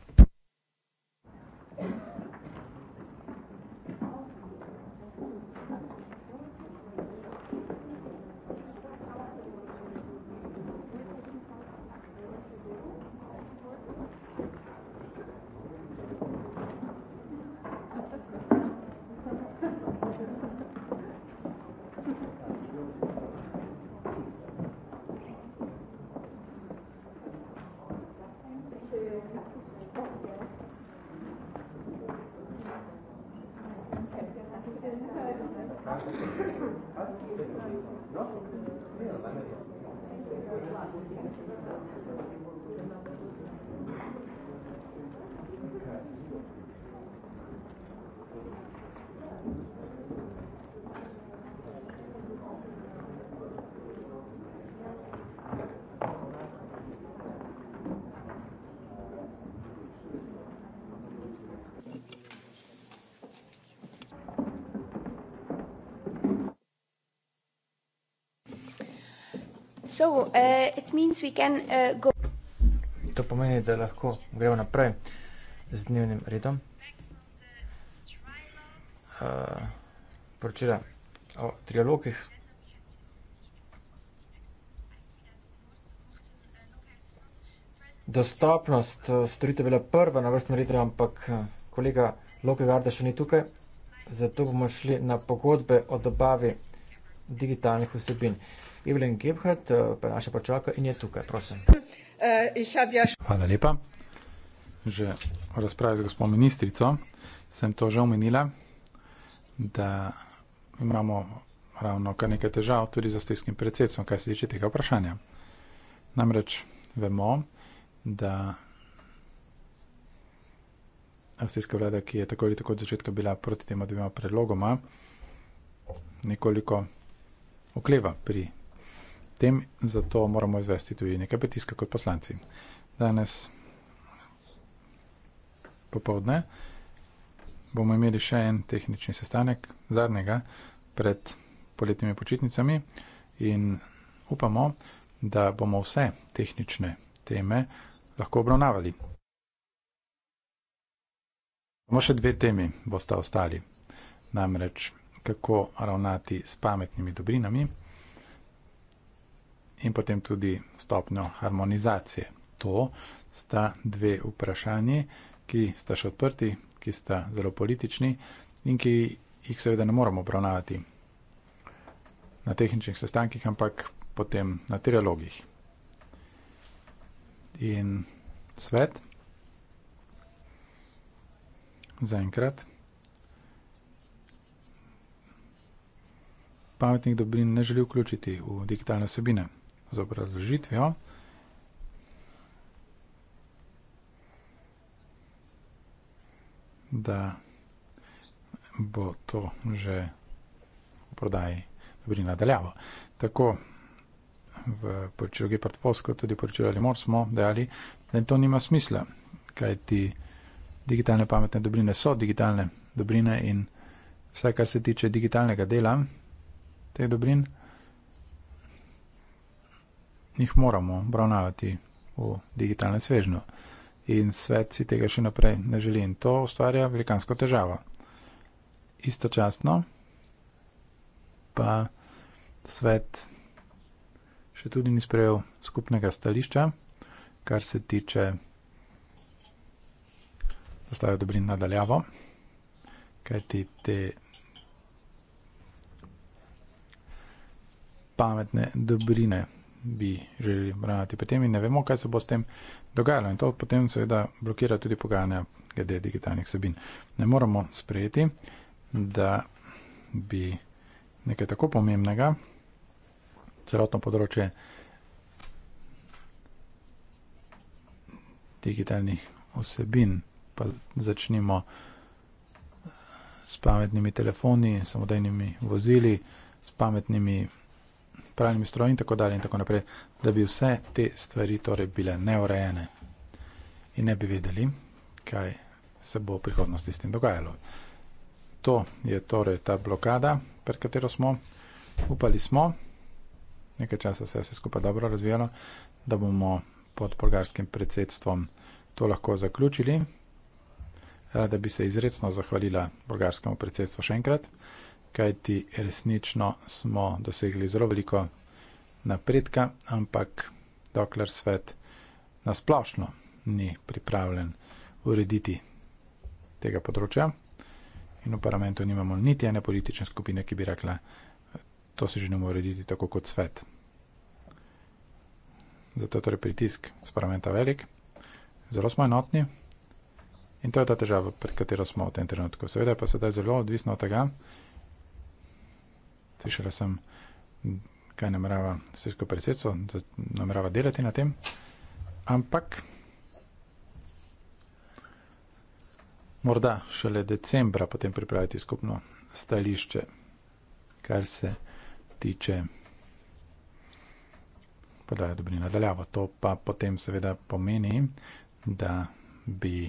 Uh, uh, to pomeni, da lahko gremo naprej z dnevnim redom. Uh, poročila o trialogih. Dostopnost storitev bila prva na vrstnem redu, ampak kolega Loke Garda še ni tukaj. Zato bomo šli na pogodbe o dobavi digitalnih vsebin. Evelyn Gebhardt, eh, pa naša počaka in je tukaj, prosim. Eh, ja Hvala lepa. Že v razpravi z gospod ministrico sem to že omenila, da imamo ravno kar nekaj težav tudi z avstrijskim predsedstvom, kaj se tiče tega vprašanja. Namreč vemo, da avstrijska vlada, ki je tako ali tako od začetka bila proti tema dvema predlogoma, nekoliko okleva pri tem, zato moramo izvesti tudi nekaj pritiska kot poslanci. Danes popovdne bomo imeli še en tehnični sestanek, zadnjega pred poletnimi počitnicami in upamo, da bomo vse tehnične teme lahko obravnavali. Samo še dve temi bosta ostali. Namreč kako ravnati s pametnimi dobrinami in potem tudi stopnjo harmonizacije. To sta dve vprašanje, ki sta še odprti, ki sta zelo politični in ki jih seveda ne moramo obravnavati na tehničnih sestankih, ampak potem na trialogih. In svet, zaenkrat, pametnih dobrin ne želi vključiti v digitalne osebine. Z obrazložitvijo da bo to že v prodaji dobri nadaljavo. Tako v poročilu Gepard Fosko, tudi poročilu Limor smo dejali, da to nima smisla, kaj ti digitalne pametne dobrine so digitalne dobrine in vse, kar se tiče digitalnega dela, teh dobrin, jih moramo obravnavati v digitalnem svežnju. In svet si tega še naprej ne želi in to ustvarja velikansko težavo. Istočasno pa svet še tudi ni sprejel skupnega stališča, kar se tiče dostave dobrin nadaljavo, kajti te pametne dobrine bi želeli braniti. Potem mi ne vemo, kaj se bo s tem dogajalo in to potem seveda blokira tudi pogajanja glede digitalnih sebin. Ne moramo sprejeti, da bi nekaj tako pomembnega celotno področje digitalnih osebin, pa začnimo s pametnimi telefoni, samodejnimi vozili, s pametnimi pralnimi stroji in tako dalje in tako naprej, da bi vse te stvari torej bile neurejene in ne bi vedeli, kaj se bo v prihodnosti s tem dogajalo. To je torej ta blokada, pred katero smo upali smo, nekaj časa se je vse skupaj dobro razvijalo, da bomo pod polgarskim predsedstvom to lahko zaključili. Rada bi se izredno zahvalila bolgarskemu predsedstvu še enkrat kajti resnično smo dosegli zelo veliko napredka, ampak dokler svet nasplošno ni pripravljen urediti tega področja in v parlamentu nimamo niti ene politične skupine, ki bi rekla, to se želimo urediti tako kot svet. Zato torej pritisk z parlamenta velik, zelo smo enotni in to je ta težava, pred katero smo v tem trenutku. Seveda pa se da zelo odvisno od tega, slišala sem, kaj namerava svetsko predsedstvo, da namerava delati na tem. Ampak morda šele decembra potem pripraviti skupno stališče, kar se tiče podaje dobri nadaljavo. To pa potem seveda pomeni, da bi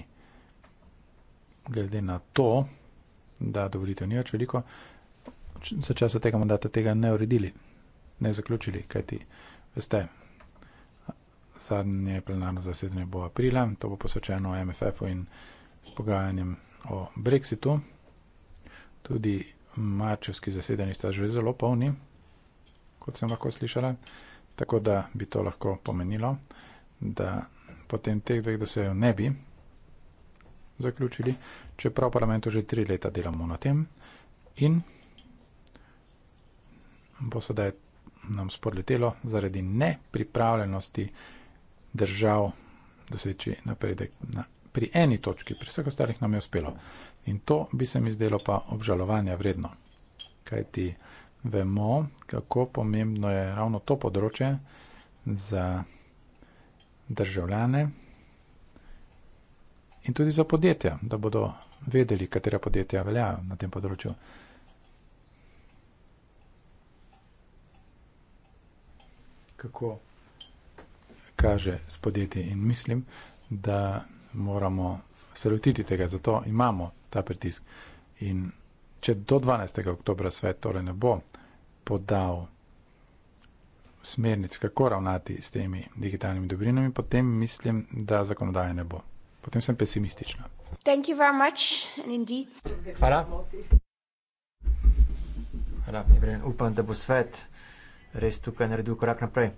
glede na to, da dovolitev ni več veliko, za časa tega mandata tega ne uredili, ne zaključili, kajti veste, zadnje plenarno zasedanje bo aprila, to bo posvečeno MFF-u in pogajanjem o Brexitu. Tudi marčevski zasedanji sta že zelo polni, kot sem lahko slišala, tako da bi to lahko pomenilo, da potem teh dveh dosejev ne bi zaključili, čeprav parlamentu že tri leta delamo na tem. In bo sedaj nam spodletelo zaradi nepripravljenosti držav doseči napredek na, pri eni točki, pri vseh ostalih nam je uspelo. In to bi se mi zdelo pa obžalovanja vredno, kajti vemo, kako pomembno je ravno to področje za državljane in tudi za podjetja, da bodo vedeli, katera podjetja veljajo na tem področju. kako kaže s podjetji. In mislim, da moramo se lotiti tega, zato imamo ta pritisk. In če do 12. oktobra svet torej ne bo podal smernic, kako ravnati s temi digitalnimi dobrinami, potem mislim, da zakonodaje ne bo. Potem sem pesimistična. Thank you very much and indeed. Hvala. Hvala, Ibrahim. Upam, da bo svet res tukaj naredil korak naprej.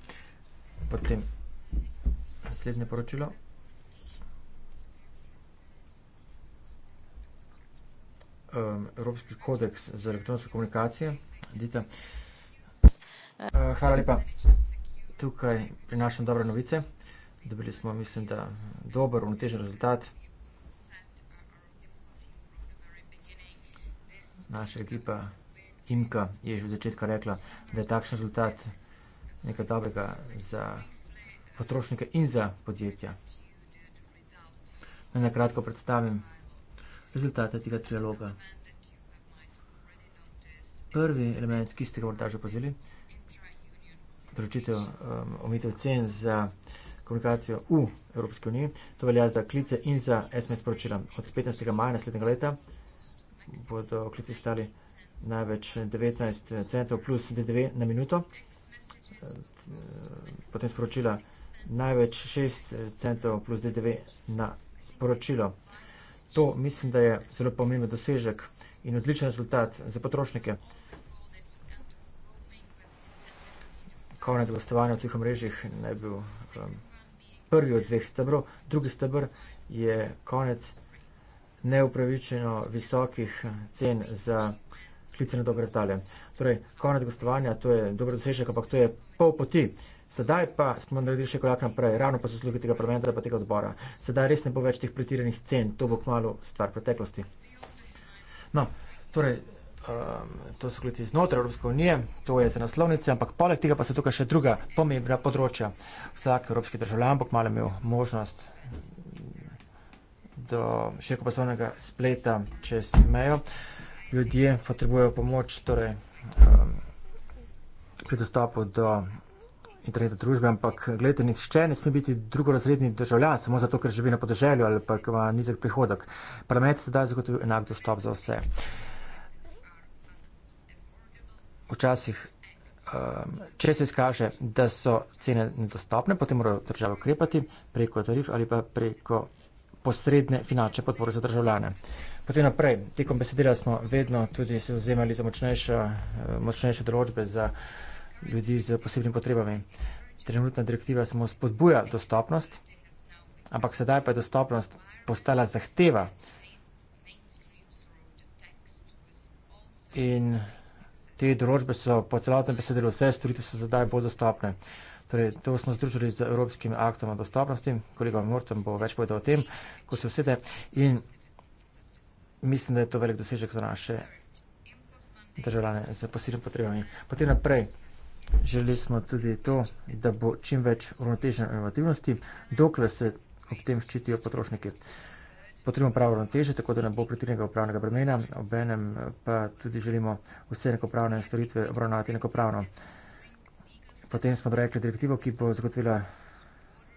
Potem naslednje poročilo. Evropski kodeks za elektronske komunikacije. Dita. Eh, hvala lepa. Tukaj prinašam dobre novice. Dobili smo, mislim, da dober, unotežen rezultat. Naša ekipa Imka je že od začetka rekla, da je takšen rezultat nekaj dobrega za potrošnike in za podjetja. Naj na kratko predstavim rezultate tega triloga. Prvi element, ki ste ga morda že pozeli, določitev um, omitev cen za komunikacijo v Evropski uniji, to velja za klice in za SMS e poročila. Od 15. maja naslednjega leta bodo klice stali največ 19 centov plus DDV na minuto. Potem sporočila največ 6 centov plus DDV na sporočilo. To mislim, da je zelo pomemben dosežek in odličen rezultat za potrošnike. Konec gostovanja v tih omrežjih ne bil um, prvi od dveh stebrov. Drugi stebr je konec neupravičeno visokih cen za potrošnike sklicane dobre razdalje. Torej, konec gostovanja, to je dobro dosežek, ampak to je pol poti. Sedaj pa smo naredili še korak naprej, ravno pa so službe tega parlamenta in tega odbora. Sedaj res ne bo več teh pretiranih cen, to bo kmalo stvar preteklosti. No, torej, um, to so klici znotraj Evropske unije, to je za naslovnice, ampak poleg tega pa so tukaj še druga pomembna področja. Vsak evropski državljan bo kmalo imel možnost do širokopasovnega spleta čez mejo ljudje potrebujejo pomoč torej, um, pri dostopu do interneta družbe, ampak gledajte, nihče ne sme biti drugorazredni državljan, samo zato, ker živi na podeželju ali pa ima nizek prihodek. Parlament se da zagotovil enak dostop za vse. Včasih, um, če se izkaže, da so cene nedostopne, potem morajo države ukrepati preko tarif ali pa preko posredne finančne podpore za državljane. Potem naprej, tekom besedila smo vedno tudi se zauzemali za močnejše, eh, močnejše določbe za ljudi z posebnimi potrebami. Trenutna direktiva samo spodbuja dostopnost, ampak sedaj pa je dostopnost postala zahteva. In te določbe so po celotnem besedilu, vse storitve so zdaj bolj dostopne. Torej, to smo združili z Evropskim aktom o dostopnosti, kolega Morton bo več povedal o tem, ko se vsede. In mislim, da je to velik dosežek za naše državljane z posebnimi potrebami. Potem naprej želeli smo tudi to, da bo čim več uravnotežene inovativnosti, dokler se ob tem ščitijo potrošniki. Potrebujemo pravo uravnoteže, tako da ne bo pretirnega upravnega bremena, obenem pa tudi želimo vse nekopravne storitve obravnavati nekopravno. Potem smo dorekli direktivo, ki bo zagotovila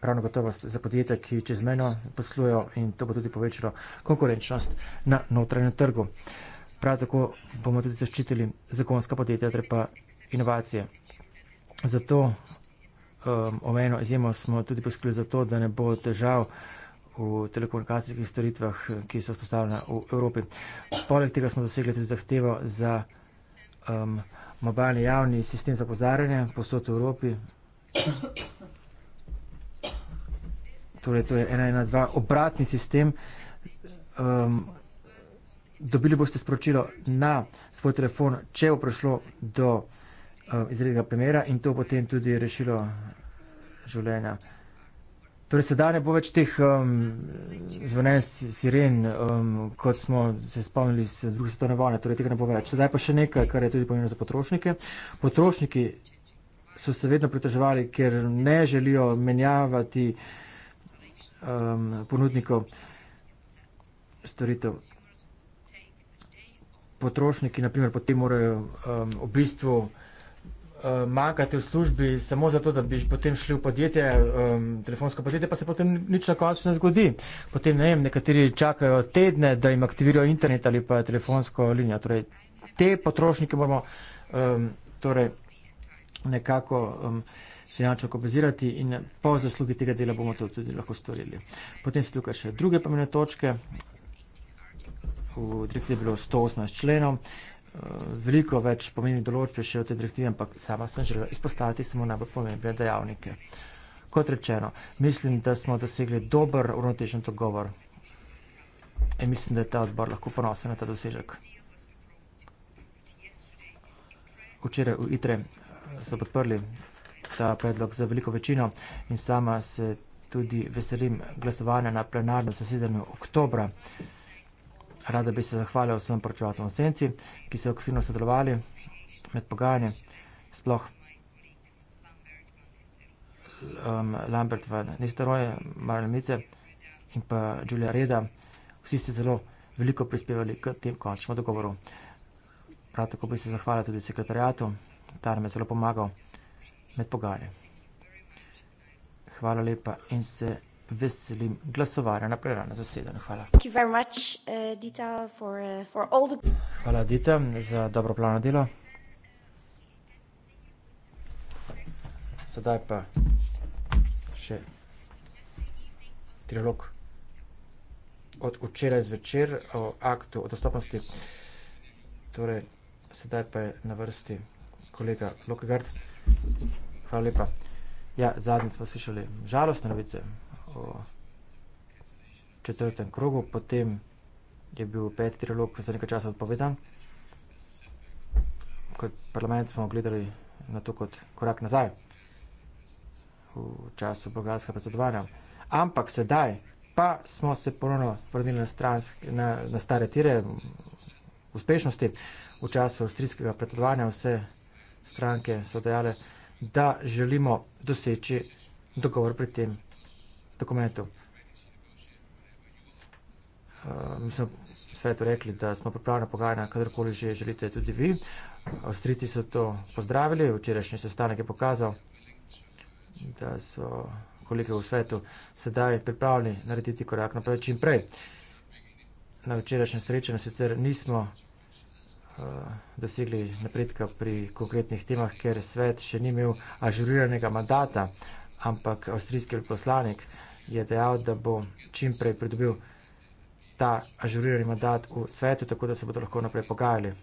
ravno gotovo za podjetja, ki čezmeno poslujejo in to bo tudi povečalo konkurenčnost na notranjem trgu. Prav tako bomo tudi zaščitili zakonska podjetja, torej pa inovacije. Zato um, omenjeno izjemo smo tudi poskrbeli za to, da ne bo težav v telekomunikacijskih storitvah, ki so vzpostavljene v Evropi. Poleg tega smo dosegli tudi zahtevo za um, mobilni javni sistem za pozarjanje posod v Evropi torej to je ena ena dva, obratni sistem. Um, dobili boste sporočilo na svoj telefon, če bo prišlo do um, izrednega primera in to potem tudi rešilo življenja. Torej, sedaj ne bo več teh um, zvonjen siren, um, kot smo se spomnili z druge svetovne vojne, torej tega ne bo več. Sedaj pa še nekaj, kar je tudi pomembno za potrošnike. Potrošniki so se vedno pritoževali, ker ne želijo menjavati uh, um, ponudnikov storitev. Potrošniki, na primer, potem morajo um, v bistvu um, uh, manjkati v službi, samo zato, da bi potem šli v podjetje, um, telefonsko podjetje, pa se potem nič na koncu ne zgodi. Potem ne vem, nekateri čakajo tedne, da jim aktivirajo internet ali pa telefonsko linijo. Torej, te potrošnike moramo um, torej, nekako. Um, finančno kompenzirati in po zaslugi tega dela bomo to tudi lahko storili. Potem so tukaj še druge pomene točke. V direktivi je bilo 118 členov. Eh, veliko več pomeni določb še v tej direktivi, ampak sama sem želela izpostaviti samo najbolj pomembne dejavnike. Kot rečeno, mislim, da smo dosegli dober uravnotežen dogovor in mislim, da je ta odbor lahko ponosen na ta dosežek. Včeraj v ITRE eh, so podprli ta predlog za veliko večino in sama se tudi veselim glasovanja na plenarnem zasedanju oktobra. Rada bi se zahvalil vsem poročevalcem v senci, ki so aktivno sodelovali med pogajanji, sploh um, Lambert van Nisteroje, Marlene Mice in pa Julia Reda. Vsi ste zelo veliko prispevali k tem končnemu dogovoru. Prav tako bi se zahvalil tudi sekretarjatu, ta nam je zelo pomagal med pogajanje. Hvala lepa in se veselim glasovanja na prerano zasedanje. Hvala. Much, uh, Dita, for, uh, for the... Hvala, Dita, za dobro plano delo. Sedaj pa še trilog od včeraj zvečer o aktu o dostopnosti. Torej, sedaj pa je na vrsti kolega Lokegard. Hvala lepa. Ja, zadnjič smo slišali žalostne novice o četrtem krogu, potem je bil peti trilog za nekaj časa odpovedan. Kot parlament smo gledali na to kot korak nazaj v času bolgarskega predsedovanja. Ampak sedaj pa smo se ponovno vrnili na, stransk, na, na stare tire uspešnosti v času avstrijskega predsedovanja vse stranke so dejale, da želimo doseči dogovor pri tem dokumentu. Uh, mi smo svetu rekli, da smo pripravljeni pogajanja, kadarkoli že želite tudi vi. Avstrici so to pozdravili, včerajšnji sestanek je pokazal, da so kolege v svetu sedaj pripravljeni narediti korak naprej čim prej. Na včerajšnjem srečanju sicer nismo Eh, dosegli napredka pri konkretnih temah, ker svet še ni imel ažuriranega mandata, ampak avstrijski poslanik je dejal, da bo čim prej pridobil ta ažurirani mandat v svetu, tako da se bodo lahko naprej pogajali.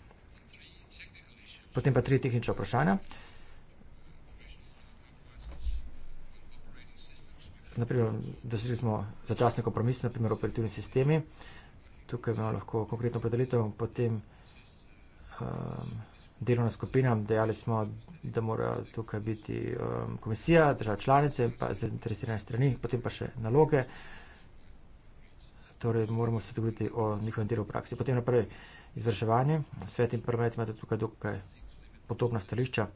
Potem pa tri tehnične vprašanja. Naprimer, dosegli smo začasne kompromise, naprimer operativni sistemi. Tukaj imamo lahko konkretno predelitev, potem um, delovna skupina, dejali smo, da mora tukaj biti um, komisija, država članice in pa zainteresirane strani, potem pa še naloge. Torej, moramo se dogovoriti o njihovem delu v praksi. Potem naprej izvrševanje. Svet in parlament imate tukaj dokaj podobna stališča.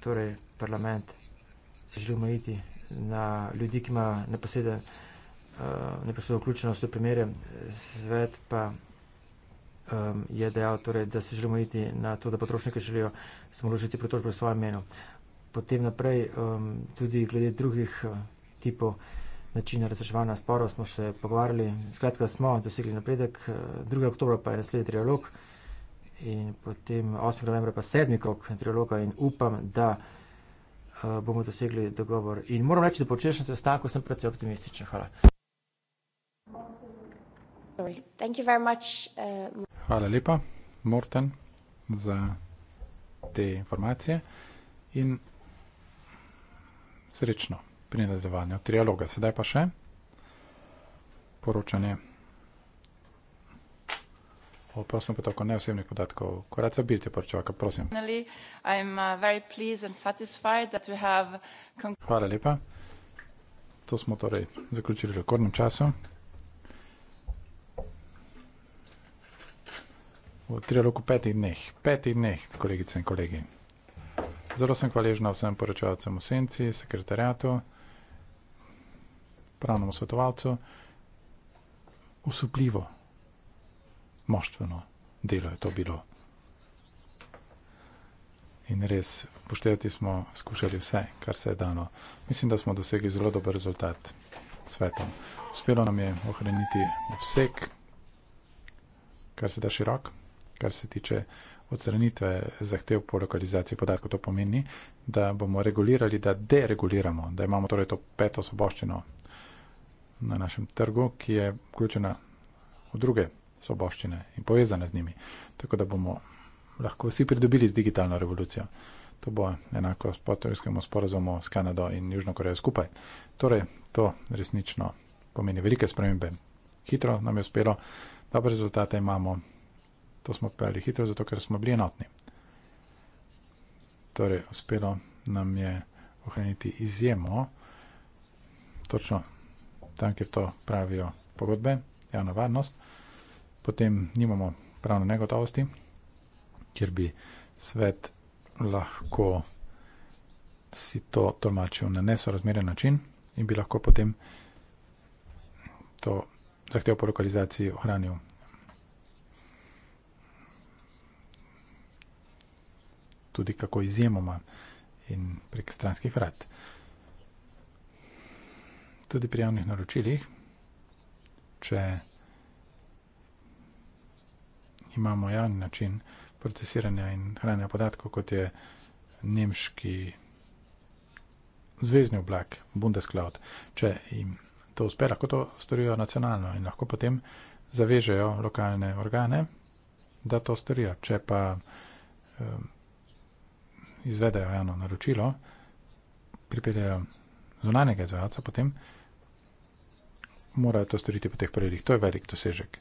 Torej, parlament se želimo iti na ljudi, ki ima neposeden uh, neposredno vključena v vse primere, svet pa um, je dejal, torej, da se želimo iti na to, da potrošniki želijo samo ložiti pritožbo v svojem menu. Potem naprej um, tudi glede drugih uh, tipov načina razreševanja sporov smo se pogovarjali. Skratka, smo dosegli napredek, 2. Eh, oktober pa je naslednji trialog in potem 8. novembra pa sedmi krok trialoga in upam, da uh, bomo dosegli dogovor. In moram reči, da po včerajšnjem sestanku sem precej optimističen. Hvala. Uh, Hvala lepa, Morten, za te informacije in srečno pri nadaljevanju trialoga. Sedaj pa še poročanje o prosim potoku neosebnih podatkov. Koracija Bilt je poročevalka, prosim. Uh, Hvala lepa. To smo torej zaključili v rekordnem času. v trialogu petih dneh. Petih dneh, kolegice in kolegi. Zelo sem hvaležna vsem poročevalcem v senci, sekretarjatu, pravnemu svetovalcu. Usupljivo, moštveno delo je to bilo. In res, poštevati smo skušali vse, kar se je dano. Mislim, da smo dosegli zelo dober rezultat svetom. Uspelo nam je ohraniti obseg, kar se da širok kar se tiče odstranitve zahtev po lokalizaciji podatkov. To pomeni, da bomo regulirali, da dereguliramo, da imamo torej to peto soboščino na našem trgu, ki je vključena v druge soboščine in povezane z njimi. Tako da bomo lahko vsi pridobili z digitalno revolucijo. To bo enako s potovskim sporozumom s Kanado in Južno Korejo skupaj. Torej, to resnično pomeni velike spremembe. Hitro nam je uspelo, dobre rezultate imamo. To smo peli hitro, zato ker smo bili enotni. Torej, uspelo nam je ohraniti izjemo, točno tam, kjer to pravijo pogodbe, javna varnost. Potem nimamo pravne negotovosti, kjer bi svet lahko si to tolmačil na nesorazmeren način in bi lahko potem to zahtevo po lokalizaciji ohranil tudi kako izjemoma in prek stranskih vrat. Tudi pri javnih naročilih, če imamo javni način procesiranja in hranja podatkov, kot je nemški zvezdni oblak, Bundescloud, če jim to uspe, lahko to storijo nacionalno in lahko potem zavežejo lokalne organe, da to storijo. Če pa eh, izvedejo eno naročilo, pripeljejo zunanjega izvajalca, potem morajo to storiti po teh pravilih. To je velik dosežek.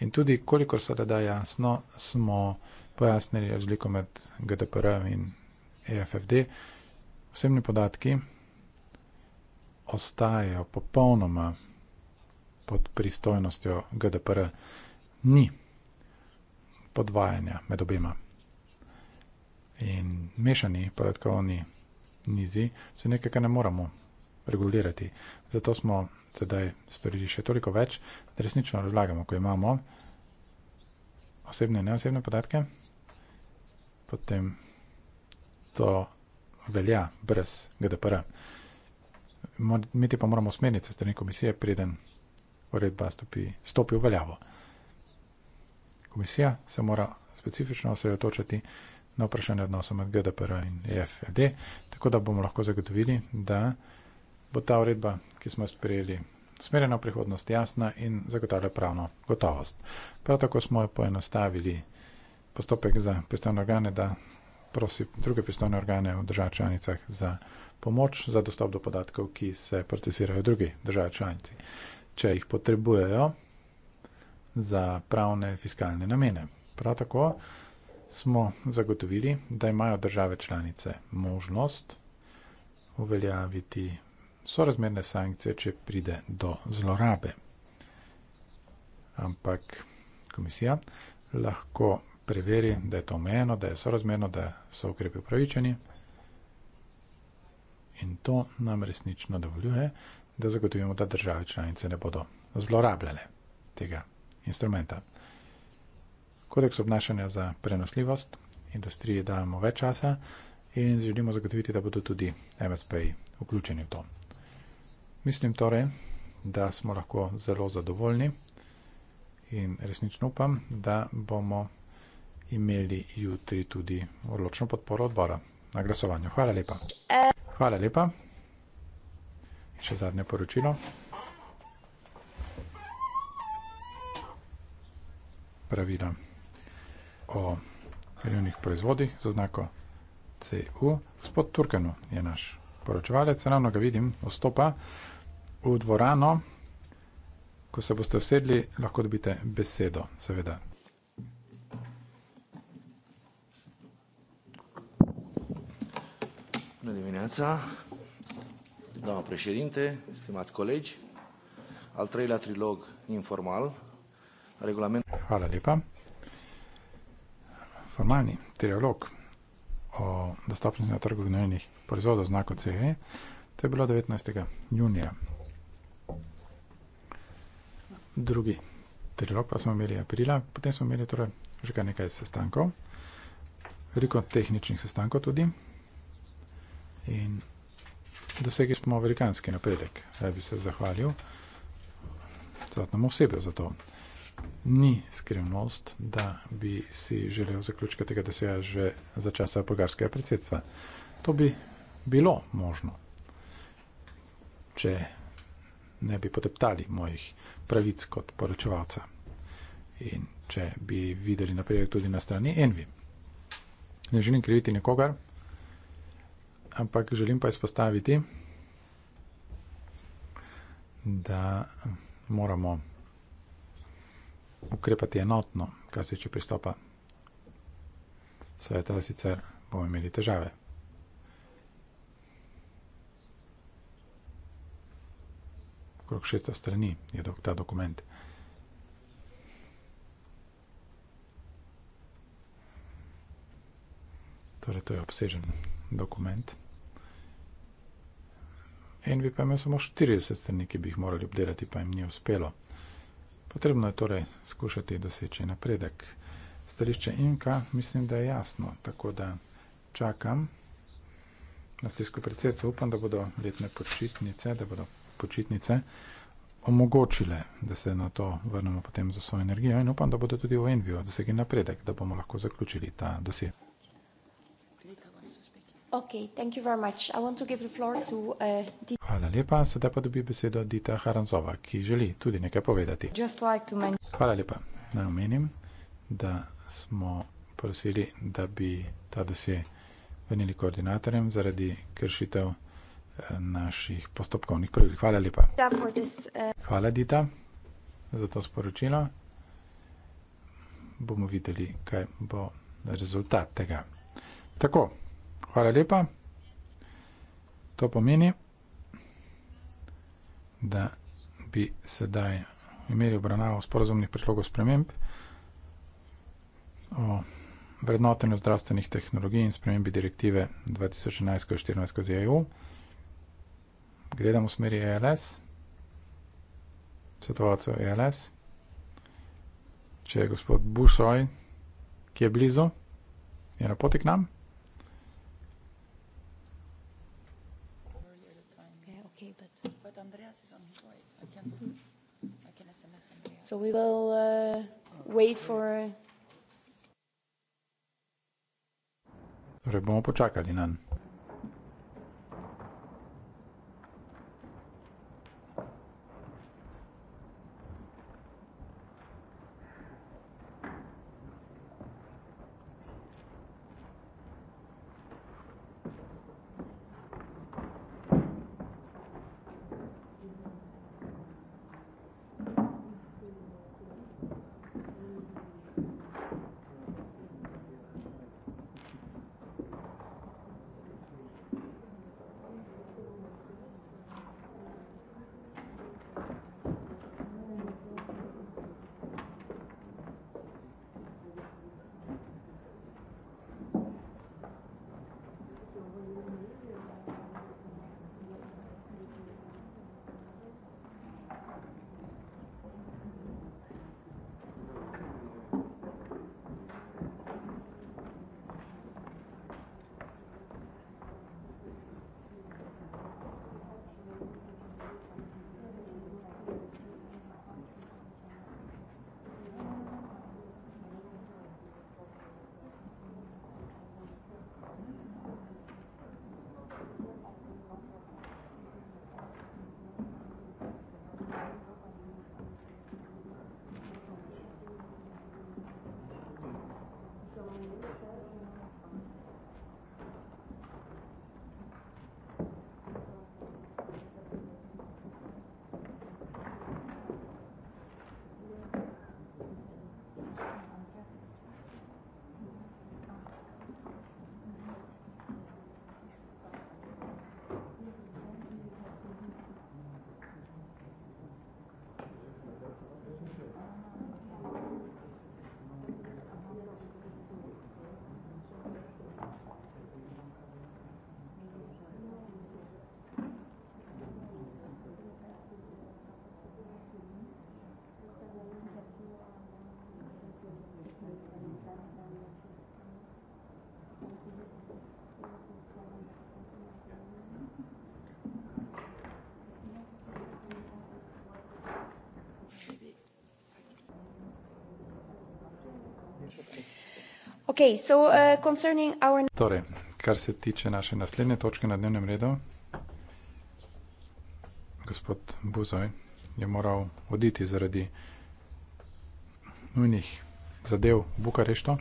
In tudi, kolikor se da jasno, smo pojasnili razliko med GDPR in EFFD. Vsemni podatki ostajajo popolnoma pod pristojnostjo GDPR. Ni podvajanja med obema. In mešani podatkovni nizi so nekaj, kar ne moramo regulirati. Zato smo sedaj storili še toliko več, da resnično razlagamo, ko imamo osebne in neosebne podatke, potem to velja brez GDPR. Mi ti pa moramo smerniti se strani komisije, preden uredba stopi, stopi v veljavo. Komisija se mora specifično osredotočiti na na vprašanje odnosa med GDPR in EFD, tako da bomo lahko zagotovili, da bo ta uredba, ki smo jo sprejeli, smerjena v prihodnost jasna in zagotavlja pravno gotovost. Prav tako smo jo poenostavili postopek za pristojne organe, da prosi druge pristojne organe v državah članicah za pomoč, za dostop do podatkov, ki se procesirajo v drugi državi članici, če jih potrebujejo za pravne fiskalne namene. Prav tako smo zagotovili, da imajo države članice možnost uveljaviti sorazmerne sankcije, če pride do zlorabe. Ampak komisija lahko preveri, da je to omejeno, da je sorazmerno, da so ukrepi upravičeni. In to nam resnično dovoljuje, da zagotovimo, da države članice ne bodo zlorabljale tega instrumenta kodeks obnašanja za prenosljivost, industriji dajemo več časa in želimo zagotoviti, da bodo tudi MSP-ji vključeni v to. Mislim torej, da smo lahko zelo zadovoljni in resnično upam, da bomo imeli jutri tudi odločno podporo odbora na glasovanju. Hvala lepa. Hvala lepa. In še zadnje poročilo. Pravila o milijonih proizvodih za znako CU. Gospod Turkanu je naš poročevalec, ravno ga vidim, vstopa v dvorano. Ko se boste usedli, lahko dobite besedo, seveda. Buona da no, presidente, stimati kolegi, altri la trilog informal, regolamento. Hvala lepa formalni trialog o dostopnosti na trgu gnojenih proizvodov znako CE. To je bilo 19. junija. Drugi trialog pa smo imeli aprila, potem smo imeli torej že kar nekaj sestankov, veliko tehničnih sestankov tudi. In dosegli smo velikanski napredek. Ja bi se zahvalil celotnemu osebju za to ni skrivnost, da bi si želel zaključka tega dosega že za časa bolgarskega predsedstva. To bi bilo možno, če ne bi poteptali mojih pravic kot poročevalca in če bi videli napredek tudi na strani Envi. Ne želim kriviti nikogar, ampak želim pa izpostaviti, da moramo ukrepati enotno, kar se tiče pristopa sveta, sicer bomo imeli težave. Krok 600 strani je dok ta dokument. Torej, to je obsežen dokument. In bi pa imel samo 40 strani, ki bi jih morali obdelati, pa jim ni uspelo. Potrebno je torej skušati doseči napredek. Stališče Inka mislim, da je jasno, tako da čakam na stisko predsedstva. Upam, da bodo letne počitnice, da bodo počitnice omogočile, da se na to vrnemo potem za svojo energijo in upam, da bodo tudi v Envijo dosegli napredek, da bomo lahko zaključili ta dosed. Uh, Hvala lepa, sedaj pa dobi besedo Dita Haranzova, ki želi tudi nekaj povedati. Like men- Hvala lepa. Naj omenim, da smo prosili, da bi ta dosje venili koordinatorjem zaradi kršitev eh, naših postopkovnih pravil. Hvala lepa. Uh, Hvala, Dita, za to sporočilo. Bomo videli, kaj bo rezultat tega. Tako, Hvala lepa. To pomeni, da bi sedaj imeli obravnavo sporozumnih predlogov sprememb o vrednotenju zdravstvenih tehnologij in spremembi direktive 2011-14-EU. E Gledamo v smeri ELS, svetovalcev ELS. Če je gospod Bušoj, ki je blizu, je na poti k nam. so we will uh, wait for Torej bomo počakali na njega. Okay, so, uh, our... Torej, kar se tiče naše naslednje točke na dnevnem redu, gospod Buzoj je moral oditi zaradi nujnih zadev v Bukarešto.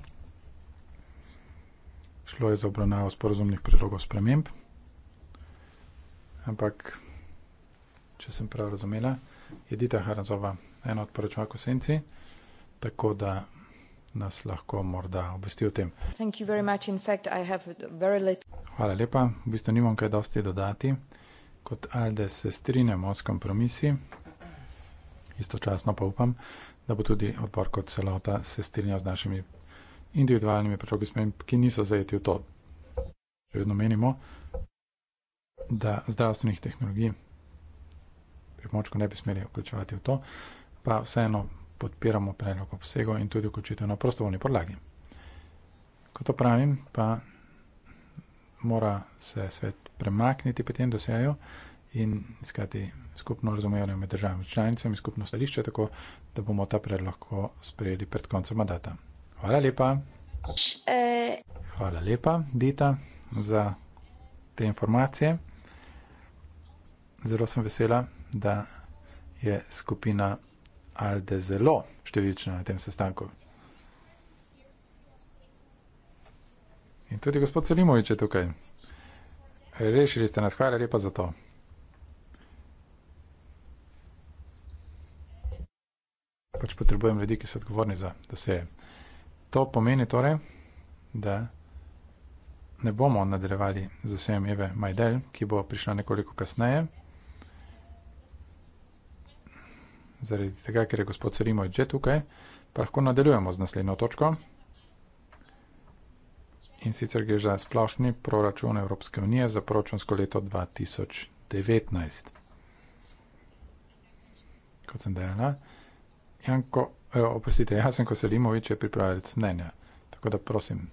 Šlo je za obravnavo sporozumnih predlogov sprememb, ampak, če sem prav razumela, je Dita Haranzova ena od poročevalk v senci, tako da nas lahko morda obvesti o tem. Fact, little... Hvala lepa, v bistvu nimam kaj dosti dodati. Kot Alde se strinjamo s kompromisi, istočasno pa upam, da bo tudi odbor kot celota se strinjal z našimi individualnimi predlogi sprememb, ki niso zajeti v to. Še vedno menimo, da zdravstvenih tehnologij pripomočkov ne bi smeli vključevati v to, pa vseeno podpiramo predlog obsego in tudi vključitev na prostovoljni podlagi. Ko to pravim, pa mora se svet premakniti pri tem dosejo in iskati skupno razumevanje med državami članicami, skupno stališče, tako da bomo ta predlog lahko sprejeli pred koncem mandata. Hvala lepa. Hvala lepa, Dita, za te informacije. Zelo sem vesela, da je skupina Alde zelo številčna na tem sestanku. In tudi gospod Selimovič je tukaj. Rešili ste nas, hvala lepa za to. Pač potrebujem ljudi, ki so odgovorni za doseje. To pomeni torej, da ne bomo nadaljevali z vsem Eve Majdel, ki bo prišla nekoliko kasneje. zaradi tega, ker je gospod Serimoj že tukaj, pa lahko nadaljujemo z naslednjo točko. In sicer gre za splošni proračun Evropske unije za proračunsko leto 2019. Kot sem dejala, Janko, jo, eh, oprostite, jaz sem Koselimovič, je pripravljalec mnenja. Tako da prosim.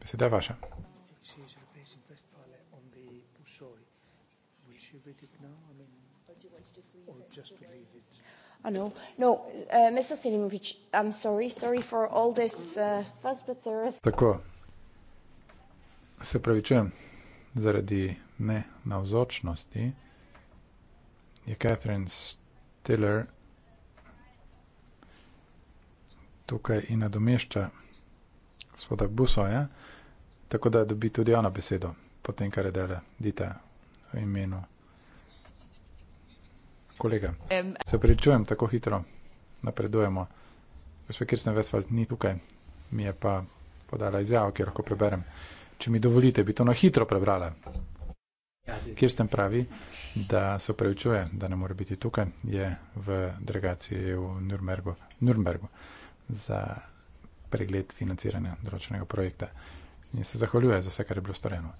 Beseda je vaša. just to leave it. Oh, no, no, uh, Mr. Selimovic, I'm sorry, sorry for all this uh, fuss, but there is... Tako, se pravi, čujem, zaradi ne navzočnosti je Catherine Stiller tukaj in nadomešča gospoda Busoja, tako da dobi tudi ona besedo, potem kar je dela Dita v imenu kolega. Se pričujem tako hitro, napredujemo. Gospod Kirsten Vesvald ni tukaj, mi je pa podala izjavo, ki jo lahko preberem. Če mi dovolite, bi to na hitro prebrala. Kirsten pravi, da se preučuje, da ne more biti tukaj, je v delegaciji v Nürnbergu, Nürnbergu za pregled financiranja določenega projekta in se zahvaljuje za vse, kar je bilo storjeno.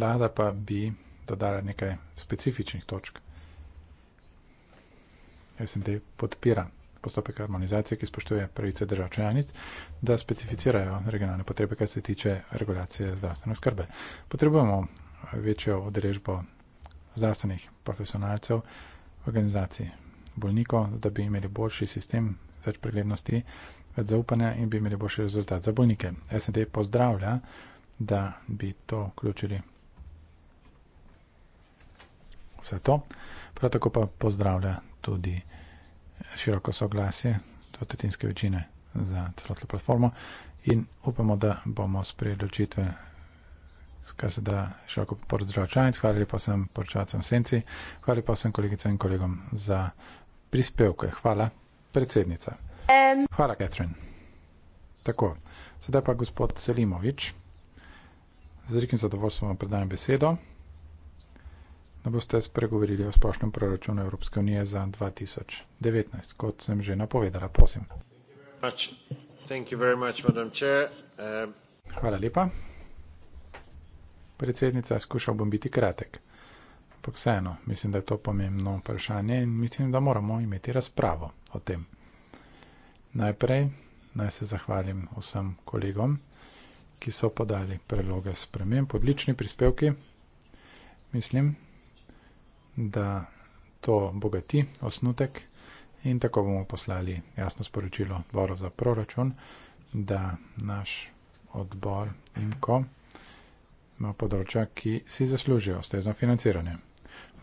Lada pa bi dodala nekaj specifičnih točk. SND podpira postopek harmonizacije, ki spoštuje pravice držav članic, da specificirajo regionalne potrebe, kar se tiče regulacije zdravstvene skrbe. Potrebujemo večjo odrežbo zdravstvenih profesionalcev, organizacij bolnikov, da bi imeli boljši sistem, več preglednosti, več zaupanja in bi imeli boljši rezultat za bolnike. SND pozdravlja, da bi to vključili vse to. Prav tako pa pozdravlja, tudi široko soglasje, to tretjinske večine za celotno platformo in upamo, da bomo sprejeli odločitve, kar se da široko podporo držav članic. Hvala lepa sem poročavcem Senci, hvala lepa sem kolegicam in kolegom za prispevke. Hvala, predsednica. Hvala, Catherine. Tako, sedaj pa gospod Selimovič. Z velikim zadovoljstvom vam predajam besedo da boste spregovorili o splošnem proračunu Evropske unije za 2019, kot sem že napovedala. Prosim. Uh, Hvala lepa. Predsednica, skušal bom biti kratek. Ampak vseeno, mislim, da je to pomembno vprašanje in mislim, da moramo imeti razpravo o tem. Najprej naj se zahvalim vsem kolegom, ki so podali preloge sprememb, odlični prispevki. Mislim, da to bogati osnutek in tako bomo poslali jasno sporočilo odboru za proračun, da naš odbor IMKO ima področja, ki si zaslužijo ustrezno financiranje.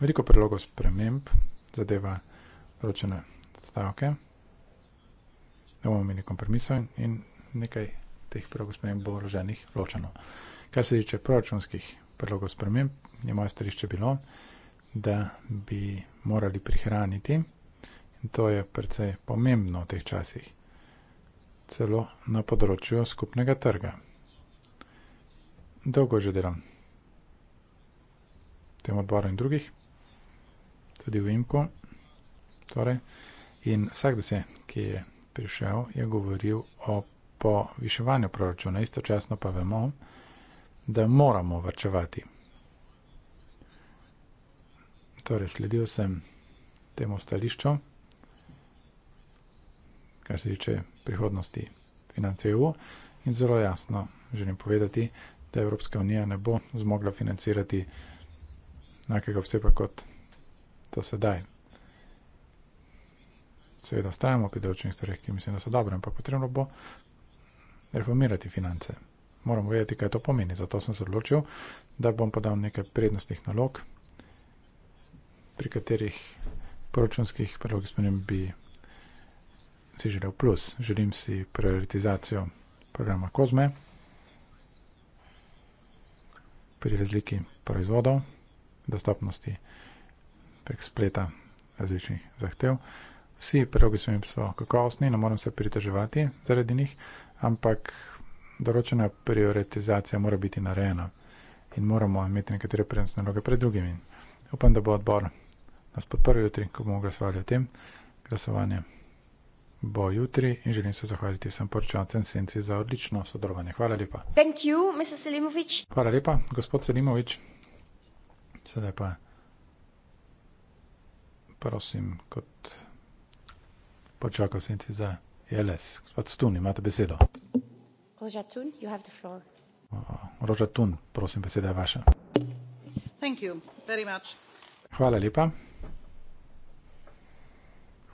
Veliko predlogov sprememb zadeva določene stavke, da bomo imeli kompromiso in nekaj teh predlogov sprememb bo vloženih ločeno. Kar se tiče proračunskih predlogov sprememb, je moje stališče bilo, da bi morali prihraniti. In to je precej pomembno v teh časih, celo na področju skupnega trga. Dolgo že delam v tem odboru in drugih, tudi v Imku. Torej, in vsak, se, ki je prišel, je govoril o poviševanju proračuna, istočasno pa vemo, da moramo vrčevati. Torej, sledil sem temu stališču, kar se tiče prihodnosti financ EU in zelo jasno želim povedati, da Evropska unija ne bo zmogla financirati enakega obsega kot to sedaj. Seveda ostajamo pri določenih stvareh, ki mislim, da so dobre, ampak potrebno bo reformirati finance. Moram vedeti, kaj to pomeni. Zato sem se odločil, da bom podal nekaj prednostnih nalog, pri katerih poročunskih predlogih spremem bi si želel plus. Želim si prioritizacijo programa Kozme pri razliki proizvodov, dostopnosti prek spleta različnih zahtev. Vsi predlogi spremem so kakovostni, ne moram se pritoževati zaradi njih, ampak določena prioritizacija mora biti narejena in moramo imeti nekatere prednostne naloge pred drugimi. Upam, da bo odbor nas podprli jutri, ko bomo glasovali o tem. Glasovanje bo jutri in želim se zahvaliti vsem poročevalcem Senci za odlično sodelovanje. Hvala lepa. You, Hvala lepa, gospod Selimovič. Sedaj pa prosim, kot poročevalcem Senci za ELS. Gospod Stun, imate besedo. Rožatun, prosim, beseda je vaša. Hvala lepa.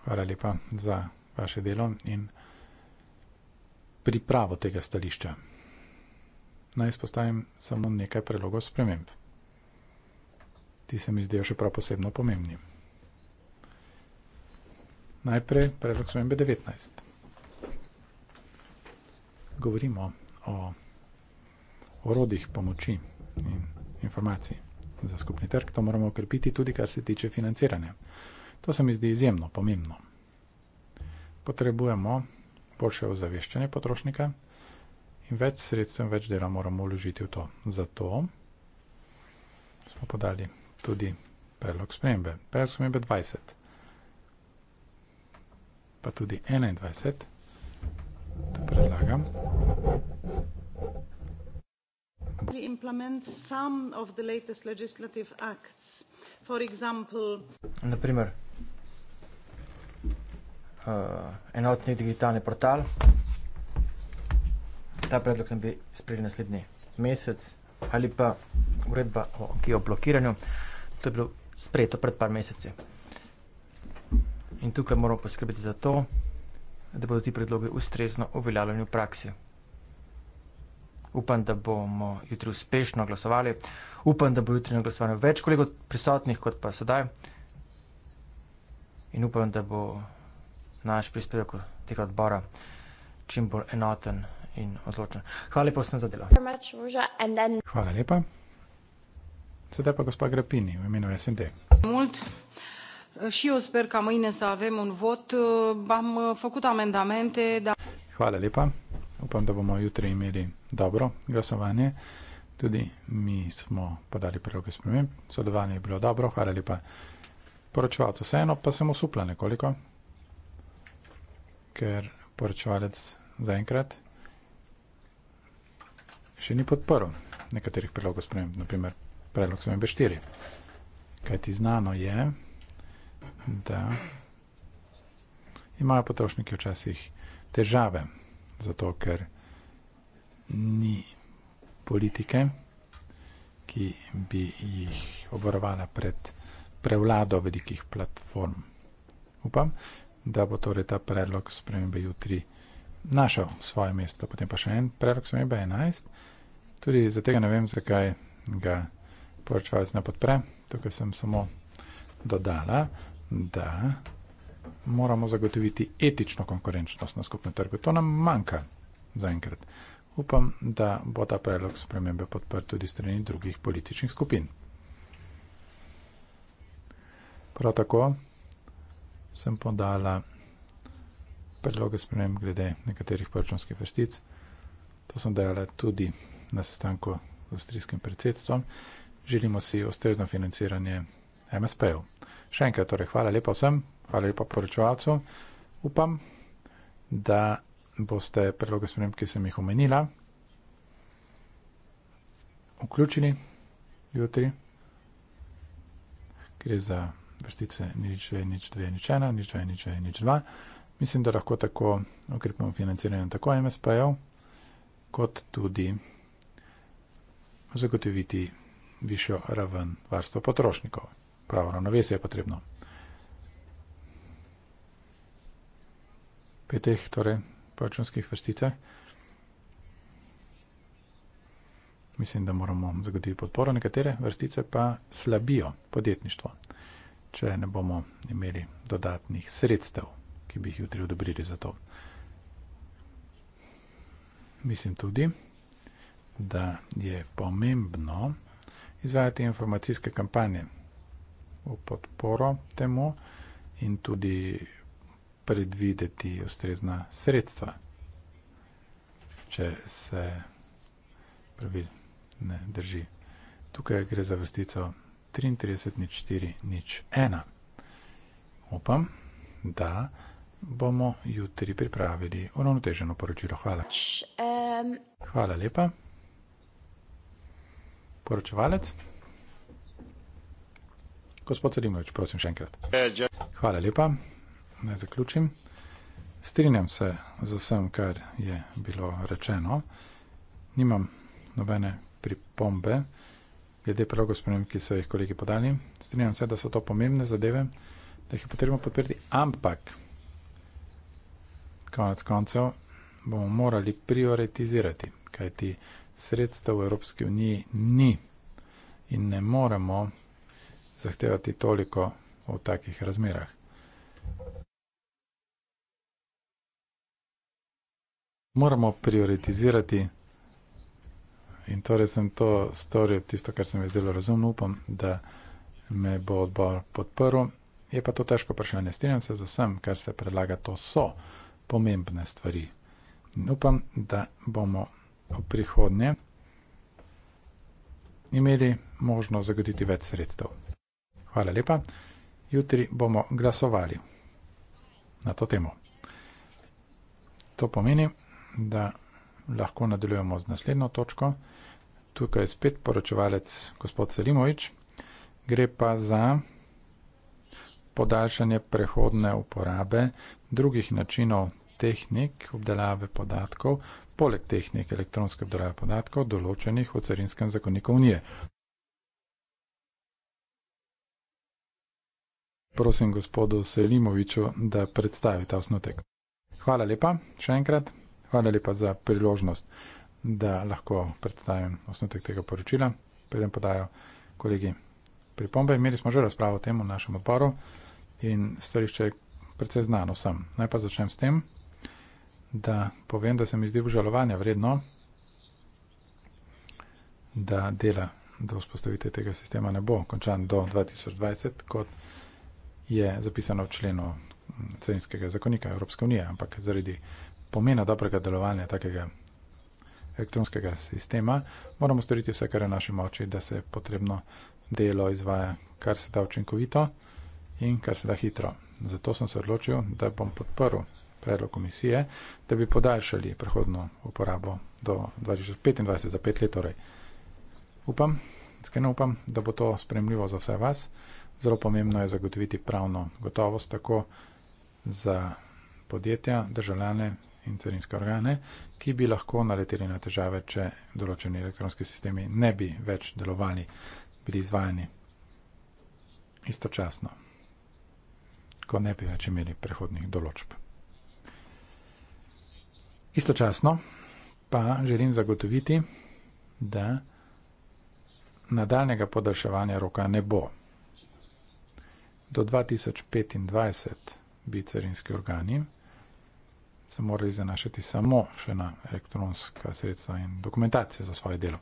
Hvala lepa za vaše delo in pripravo tega stališča. Naj izpostavim samo nekaj predlogov sprememb. Ti se mi zdijo še prav posebno pomembni. Najprej predlog spremembe 19. Govorimo o orodjih pomoči in informacij za skupni trg. To moramo okrepiti tudi, kar se tiče financiranja. To se mi zdi izjemno pomembno. Potrebujemo boljše ozaveščanje potrošnika in več sredstv in več dela moramo vložiti v to. Zato smo podali tudi predlog spremembe. Predlog spremembe 20, pa tudi 21. To predlagam. The implement some of the latest legislative acts. For example, uh, eh, enotni digitalni portal. Ta predlog naj bi sprejeli naslednji mesec ali pa uredba o geoblokiranju. To je bilo sprejeto pred par meseci. In tukaj moramo poskrbeti za to, da bodo ti predlogi ustrezno uveljavljeni v praksi. Upam, da bomo jutri uspešno glasovali. Upam, da bo jutri na glasovanju več kolegov prisotnih kot pa sedaj. In upam, da bo naš prispevek tega odbora čim bolj enoten in odločen. Hvala lepa vsem za delo. Hvala lepa. Sedaj pa gospa Grapini v imenu SND. Mult. Și eu sper ca mâine să avem un vot. Am făcut amendamente, dar... Hvala lepa. Upam, da bomo jutri imeli dobro glasovanje. Tudi mi smo podali predloge sprememb. Sodelovanje je bilo dobro. Hvala lepa poročevalcu. Vseeno pa sem osupla nekoliko ker poročevalec zaenkrat še ni podprl nekaterih predlogov sprememb, naprimer predlog spremembe 4. Kajti znano je, da imajo potrošniki včasih težave, zato ker ni politike, ki bi jih obvarovala pred prevlado velikih platform. Upam, da bo torej ta predlog spremembe jutri našel svoje mesto. Potem pa še en predlog spremembe 11. Tudi za tega ne vem, zakaj ga poročevalec ne podpre. Tukaj sem samo dodala, da moramo zagotoviti etično konkurenčnost na skupnem trgu. To nam manjka zaenkrat. Upam, da bo ta predlog spremembe podprt tudi strani drugih političnih skupin. Prav tako sem podala predloge sprememb glede nekaterih proračunskih vrstic. To sem dejala tudi na sestanku z avstrijskim predsedstvom. Želimo si ustrezno financiranje MSP-ov. Še enkrat, torej, hvala lepa vsem, hvala lepa poročevalcu. Upam, da boste predloge sprememb, ki sem jih omenila, vključili jutri, gre za vrstice nič dve, nič dve, nič ena, nič dve, nič dve, nič dva. Mislim, da lahko tako okrepimo financiranje tako MSP-jev, kot tudi zagotoviti višjo raven varstva potrošnikov. Pravo ravnovesje je potrebno. Pri teh torej poračunskih vrsticah mislim, da moramo zagotoviti podporo, nekatere vrstice pa slabijo podjetništvo če ne bomo imeli dodatnih sredstev, ki bi jih jutri odobrili za to. Mislim tudi, da je pomembno izvajati informacijske kampanje v podporo temu in tudi predvideti ustrezna sredstva, če se pravil ne drži. Tukaj gre za vrstico 33 nič 4 nič 1. Upam, da bomo jutri pripravili uravnoteženo poročilo. Hvala. Hvala lepa. Poročevalec. Gospod Sedimovič, prosim še enkrat. Hvala lepa. Naj zaključim. Strinjam se z vsem, kar je bilo rečeno. Nimam nobene pripombe glede predlogov sprememb, ki so jih kolegi podali. Strinjam se, da so to pomembne zadeve, da jih je potrebno podpreti, ampak konec koncev bomo morali prioritizirati, kajti sredstev v Evropski uniji ni in ne moremo zahtevati toliko v takih razmerah. Moramo prioritizirati. In torej sem to storil, tisto, kar sem izdelal razumno, upam, da me bo odbor podprl. Je pa to težko vprašanje. Strenjam se z vsem, kar se predlaga, to so pomembne stvari. In upam, da bomo v prihodnje imeli možnost zagoditi več sredstev. Hvala lepa. Jutri bomo glasovali na to temo. To pomeni, da lahko nadaljujemo z naslednjo točko tukaj je spet poročevalec gospod Selimovič. Gre pa za podaljšanje prehodne uporabe drugih načinov tehnik obdelave podatkov, poleg tehnik elektronske obdelave podatkov, določenih v carinskem zakoniku Unije. Prosim gospodu Selimoviču, da predstavi ta osnutek. Hvala lepa, še enkrat. Hvala lepa za priložnost da lahko predstavim osnutek tega poročila. Preden podajo kolegi pripombe, imeli smo že razpravo o tem v našem odboru in stališče je predvsej znano vsem. Naj pa začnem s tem, da povem, da se mi zdi obžalovanja vredno, da dela do vzpostavitve tega sistema ne bo končan do 2020, kot je zapisano v členu mm, carinskega zakonika Evropske unije, ampak zaradi pomena dobrega delovanja takega elektronskega sistema, moramo storiti vse, kar je v naši moči, da se potrebno delo izvaja, kar se da učinkovito in kar se da hitro. Zato sem se odločil, da bom podprl predlog komisije, da bi podaljšali prehodno uporabo do 2025 za pet let. Torej. Upam, skrajno upam, da bo to spremljivo za vse vas. Zelo pomembno je zagotoviti pravno gotovost tako za podjetja, državljane, in carinske organe, ki bi lahko naleteli na težave, če določeni elektronski sistemi ne bi več delovali, bili izvajani istočasno, ko ne bi več imeli prehodnih določb. Istočasno pa želim zagotoviti, da nadaljnega podaljševanja roka ne bo. Do 2025 bi carinski organi se morali zanašati samo še na elektronska sredstva in dokumentacijo za svoje delo.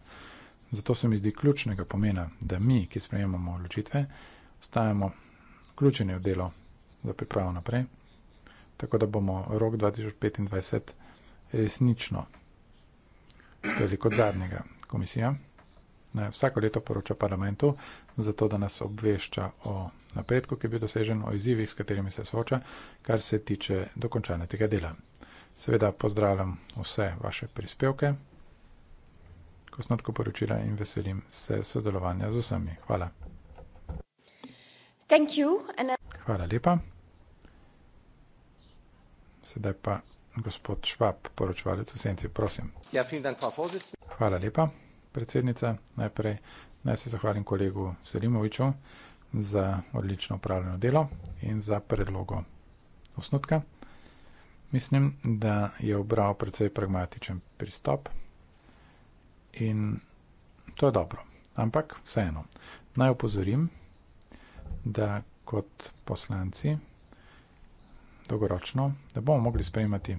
Zato se mi zdi ključnega pomena, da mi, ki sprejemamo odločitve, ostajamo vključeni v delo za pripravo naprej, tako da bomo rok 2025 resnično stali kot zadnjega komisija. Vsako leto poroča parlamentu, zato da nas obvešča o napredku, ki je bil dosežen, o izzivih, s katerimi se sooča, kar se tiče dokončanja tega dela. Seveda pozdravljam vse vaše prispevke, kosnotko poročila in veselim se sodelovanja z vsemi. Hvala. Hvala lepa. Sedaj pa gospod Švab, poročevalec v senci, prosim. Ja, Hvala lepa, predsednica. Najprej naj se zahvalim kolegu Selimoviču za odlično upravljeno delo in za predlogo osnutka. Mislim, da je obral precej pragmatičen pristop in to je dobro. Ampak vseeno, naj opozorim, da kot poslanci dolgoročno ne bomo mogli sprejemati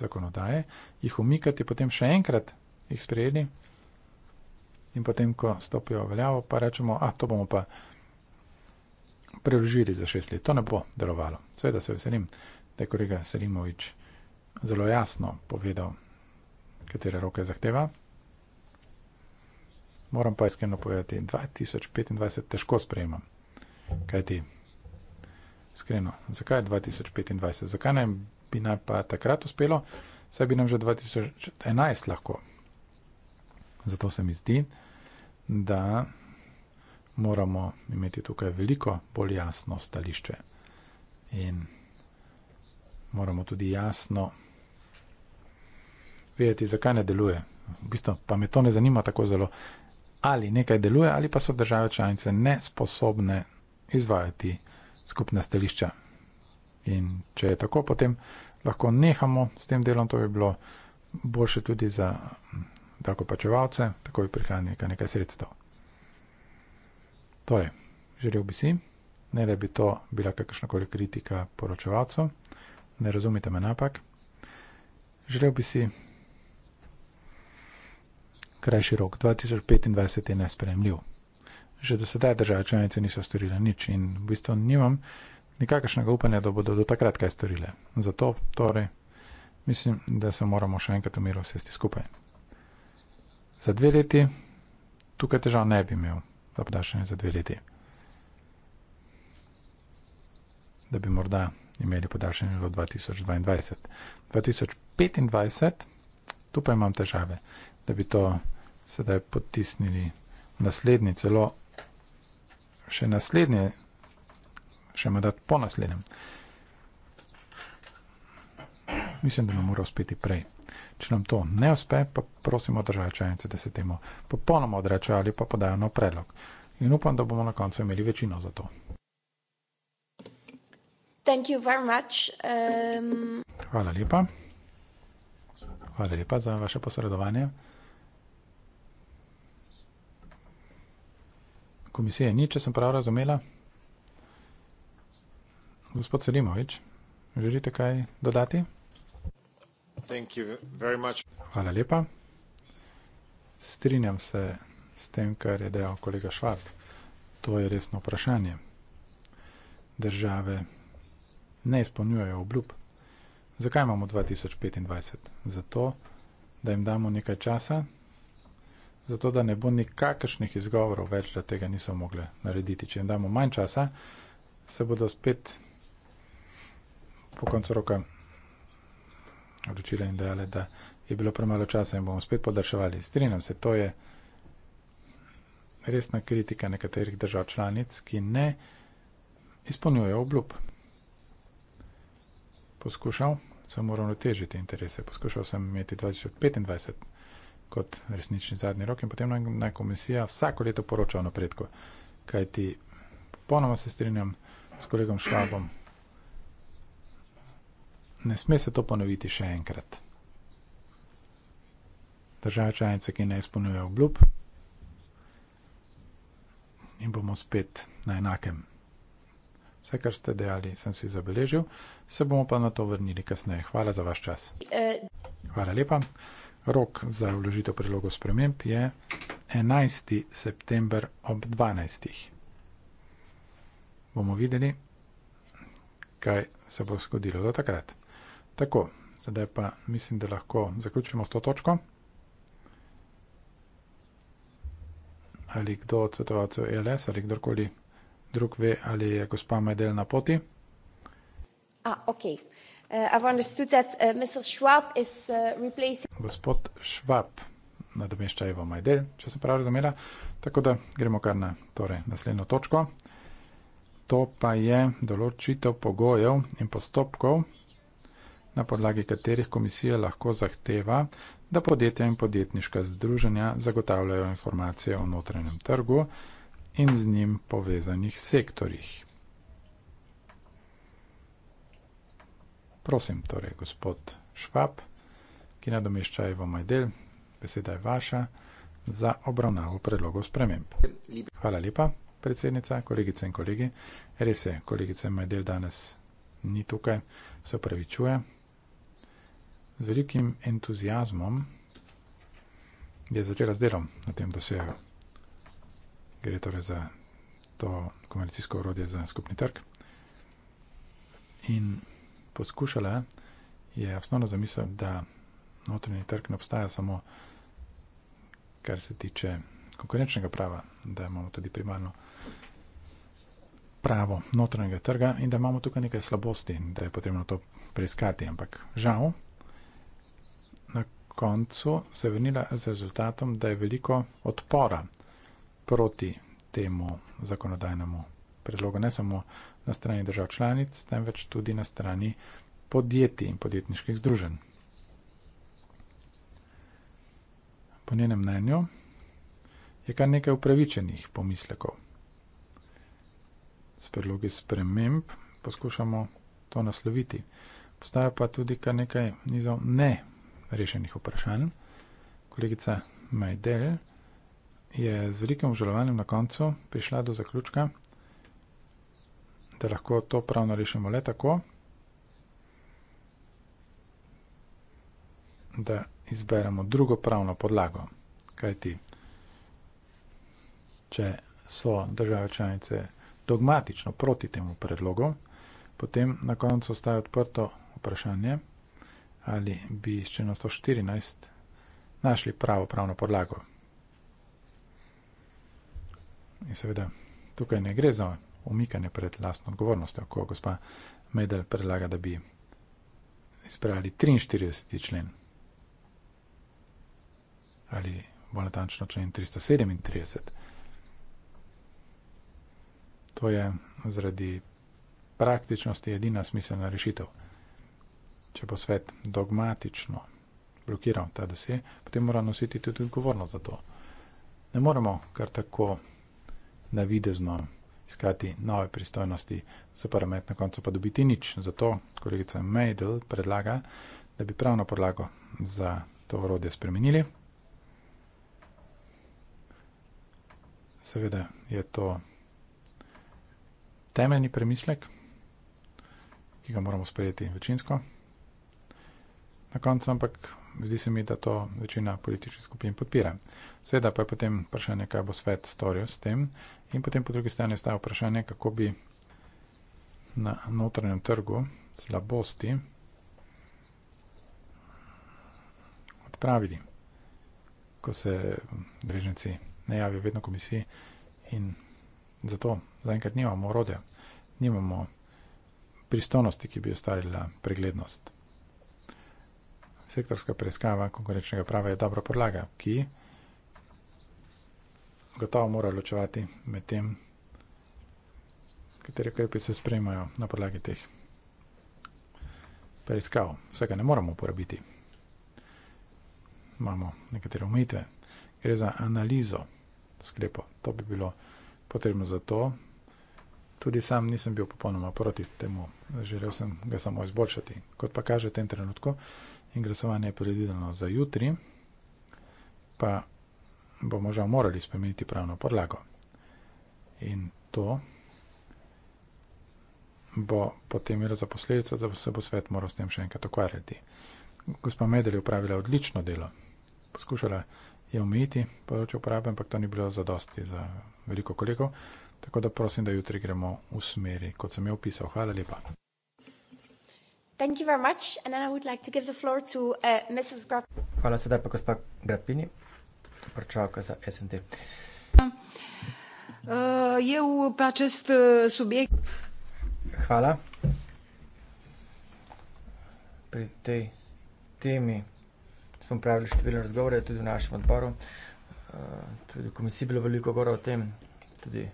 zakonodaje, jih umikati, potem še enkrat jih sprejeli in potem, ko stopijo veljavo, pa rečemo, a ah, to bomo pa preložili za šest let. To ne bo delovalo. Sveda se veselim da je kolega Selimovič zelo jasno povedal, katere roke zahteva. Moram pa iskreno povedati, 2025 težko sprejemam. Kaj ti? Iskreno, zakaj je 2025? Zakaj naj bi naj pa takrat uspelo? Saj bi nam že 2011 lahko. Zato se mi zdi, da moramo imeti tukaj veliko bolj jasno stališče. In moramo tudi jasno vedeti, zakaj ne deluje. V bistvu pa me to ne zanima tako zelo, ali nekaj deluje, ali pa so države članice nesposobne izvajati skupna stališča. In če je tako, potem lahko nehamo s tem delom, to bi bilo boljše tudi za mm, davkoplačevalce, tako bi prihranili nekaj, nekaj sredstev. Torej, želel bi si, ne da bi to bila kakršnakoli kritika poročevalcev ne razumite me napak. Želel bi si krajši rok. 2025 je nespremljiv. Že do sedaj države članice niso storile nič in v bistvu nimam nikakršnega upanja, da bodo do takrat kaj storile. Zato torej mislim, da se moramo še enkrat v miru sesti skupaj. Za dve leti tukaj težav ne bi imel, da podaljšanje za dve leti. Da bi morda imeli podaljšanje do 2022. 2025, tu pa imam težave, da bi to sedaj potisnili naslednji, celo še naslednje, še mandat po naslednjem. Mislim, da nam mora uspeti prej. Če nam to ne uspe, pa prosimo države članice, da se temu popolnoma odrečajo ali pa podajo nov predlog. In upam, da bomo na koncu imeli večino za to. Um, Hvala lepa. Hvala lepa za vaše posredovanje. Komisije ni, če sem prav razumela. Gospod Selimovič, želite kaj dodati? Hvala lepa. Strinjam se s tem, kar je dejal kolega Švab. To je resno vprašanje. Države ne izpolnjujejo obljub. Zakaj imamo 2025? Zato, da jim damo nekaj časa, zato da ne bo nikakršnih izgovorov več, da tega niso mogli narediti. Če jim damo manj časa, se bodo spet po koncu roka odločile in dejale, da je bilo premalo časa in bomo spet podaljševali. Strinjam se, to je resna kritika nekaterih držav članic, ki ne izpolnjujejo obljub poskušal, sem moral natežiti interese. Poskušal sem imeti 2025 kot resnični zadnji rok in potem naj komisija vsako leto poroča o napredku. Kaj ti ponoma se strinjam s kolegom Šlabom, ne sme se to ponoviti še enkrat. Države članice, ki ne izpolnjujejo obljub, in bomo spet na enakem. Vse, kar ste dejali, sem si zabeležil, se bomo pa na to vrnili kasneje. Hvala za vaš čas. Hvala lepa. Rok za vložitev predlogov sprememb je 11. september ob 12. Bomo videli, kaj se bo zgodilo do takrat. Tako, zdaj pa mislim, da lahko zaključimo s to točko. Ali kdo od svetovalcev ELS ali kdorkoli drug ve, ali je gospa Medel na poti. Ah, okay. uh, I've understood that uh, eh, Mr. Schwab is uh, replacing... Gospod Schwab nadomešča Evo Majdel, če sem prav razumela. Tako da gremo kar na torej, naslednjo točko. To pa je določitev pogojev in postopkov, na podlagi katerih komisija lahko zahteva, da podjetja in podjetniška združenja zagotavljajo informacije o notranjem trgu, in z njim povezanih sektorjih. Prosim, torej, gospod Švab, ki nadomešča Evo Majdel, beseda je vaša za obravnavo predlogov sprememb. Hvala lepa, predsednica, kolegice in kolegi. Res je, kolegice Majdel danes ni tukaj, se opravičuje. Z velikim entuzijazmom je začela z delom na tem dosegu gre torej za to komercijsko orodje za skupni trg. In poskušala je osnovno zamisel, da notranji trg ne obstaja samo, kar se tiče konkurenčnega prava, da imamo tudi primarno pravo notranjega trga in da imamo tukaj nekaj slabosti, da je potrebno to preiskati. Ampak žal, na koncu se je vrnila z rezultatom, da je veliko odpora proti temu zakonodajnemu predlogu, ne samo na strani držav članic, temveč tudi na strani podjetij in podjetniških združenj. Po njenem mnenju je kar nekaj upravičenih pomislekov. S predlogi sprememb poskušamo to nasloviti. Postaja pa tudi kar nekaj nizov ne rešenih vprašanj. Kolegica Majdel je z velikim obžalovanjem na koncu prišla do zaključka, da lahko to pravno rešimo le tako, da izberemo drugo pravno podlago. Kajti, če so države članice dogmatično proti temu predlogu, potem na koncu ostaje odprto vprašanje, ali bi s členom 114 našli pravo pravno podlago. In seveda tukaj ne gre za omikanje pred lastno odgovornostjo, ko gospa Medel predlaga, da bi izbrali 43. člen ali bolj natančno člen 337. To je zaradi praktičnosti edina smiselna rešitev. Če bo svet dogmatično blokiral ta dosje, potem mora nositi tudi odgovornost za to. Ne moremo kar tako na videzno iskati nove pristojnosti za parlament, na koncu pa dobiti nič. Zato kolegica Mejdel predlaga, da bi pravno podlago za to orodje spremenili. Seveda je to temeljni premislek, ki ga moramo sprejeti večinsko na koncu, ampak zdi se mi, da to večina političnih skupin podpira. Sveda pa je potem vprašanje, kaj bo svet storil s tem in potem po drugi strani ostaja vprašanje, kako bi na notranjem trgu slabosti odpravili, ko se drežnici ne javijo vedno komisiji in zato zaenkrat nimamo orodja, nimamo pristojnosti, ki bi ustvarila preglednost sektorska preiskava konkurenčnega prava je dobra podlaga, ki gotovo mora ločevati med tem, kateri ukrepi se sprejmajo na podlagi teh preiskav. Vsega ne moramo uporabiti. Imamo nekatere omejitve. Gre za analizo sklepo. To bi bilo potrebno za to. Tudi sam nisem bil popolnoma proti temu. Želel sem ga samo izboljšati. Kot pa kaže v tem trenutku, in glasovanje je predvideno za jutri, pa bomo žal morali spremeniti pravno podlago. In to bo potem imelo za posledico, da se bo svet moral s tem še enkrat ukvarjati. Gospa Medel je upravila odlično delo. Poskušala je omejiti področje uporabe, ampak to ni bilo zadosti za veliko kolegov. Tako da prosim, da jutri gremo v smeri, kot sem jo opisal. Hvala lepa. Thank you very much. And then I would like to give the floor to uh, Mrs. Grapp Hvala sedaj pa gospa Grappini, poročavka za SND. Uh, je v pačest uh, subjekt. Hvala. Pri tej temi smo pravili številne razgovore, tudi v našem odboru. Uh, tudi v komisiji bilo veliko govora o tem, tudi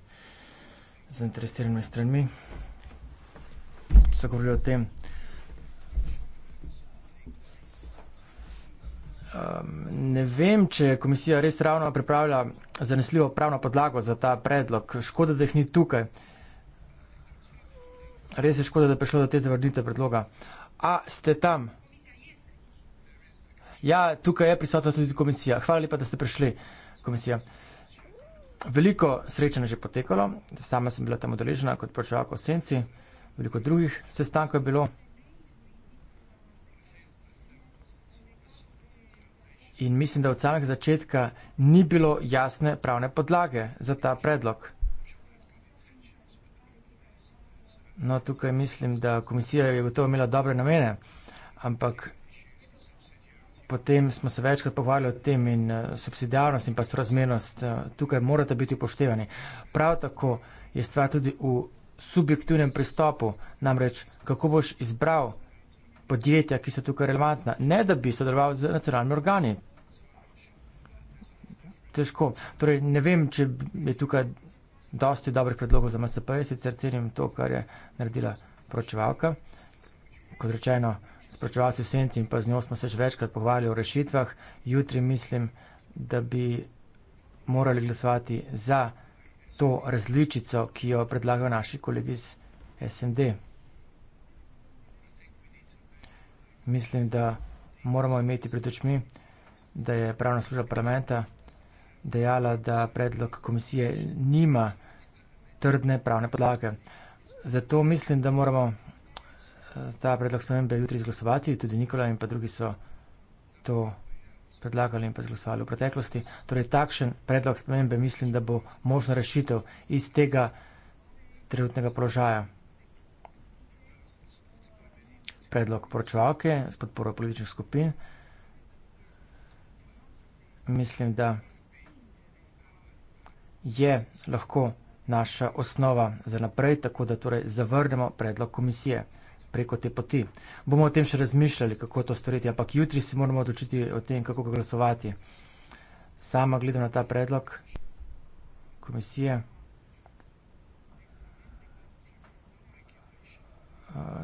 z interesiranimi stranmi. So govorili o tem, Um, ne vem, če komisija res ravno pripravlja zanesljivo pravno podlago za ta predlog. Škoda, da jih ni tukaj. Res je škoda, da je prišlo do te zavrnite predloga. A ste tam? Ja, tukaj je prisotna tudi komisija. Hvala lepa, da ste prišli, komisija. Veliko srečanj je že potekalo. Sama sem bila tam odrežena kot počevalka v senci. Veliko drugih sestankov je bilo. in mislim, da od samega začetka ni bilo jasne pravne podlage za ta predlog. No, tukaj mislim, da komisija je gotovo imela dobre namene, ampak potem smo se večkrat pohvalili o tem in eh, subsidijarnost in pa sorazmernost eh, tukaj morata biti upoštevani. Prav tako je stvar tudi v subjektivnem pristopu, namreč kako boš izbral podjetja, ki so tukaj relevantna, ne da bi sodeloval z nacionalnimi organi. Težko. Torej, ne vem, če je tukaj dosti dobrih predlogov za MSP, sicer cenim to, kar je naredila pročevalka. Kot rečeno, s pročevalci v senci in pa z njo smo se že večkrat pohvalili o rešitvah. Jutri mislim, da bi morali glasovati za to različico, ki jo predlagajo naši kolegi iz SND. mislim, da moramo imeti pred očmi, da je pravna služba parlamenta dejala, da predlog komisije nima trdne pravne podlage. Zato mislim, da moramo eh, ta predlog spremembe jutri izglasovati, tudi Nikola in pa drugi so to predlagali in pa izglasovali v preteklosti. Torej, takšen predlog spremembe mislim, da bo možno rešitev iz tega trenutnega položaja predlog poročevalke s podporo političnih skupin. Mislim, da je lahko naša osnova za naprej, tako da torej zavrnemo predlog komisije preko te poti. Bomo o tem še razmišljali, kako to storiti, ampak jutri si moramo odločiti o tem, kako ga glasovati. Sama gledam na ta predlog komisije.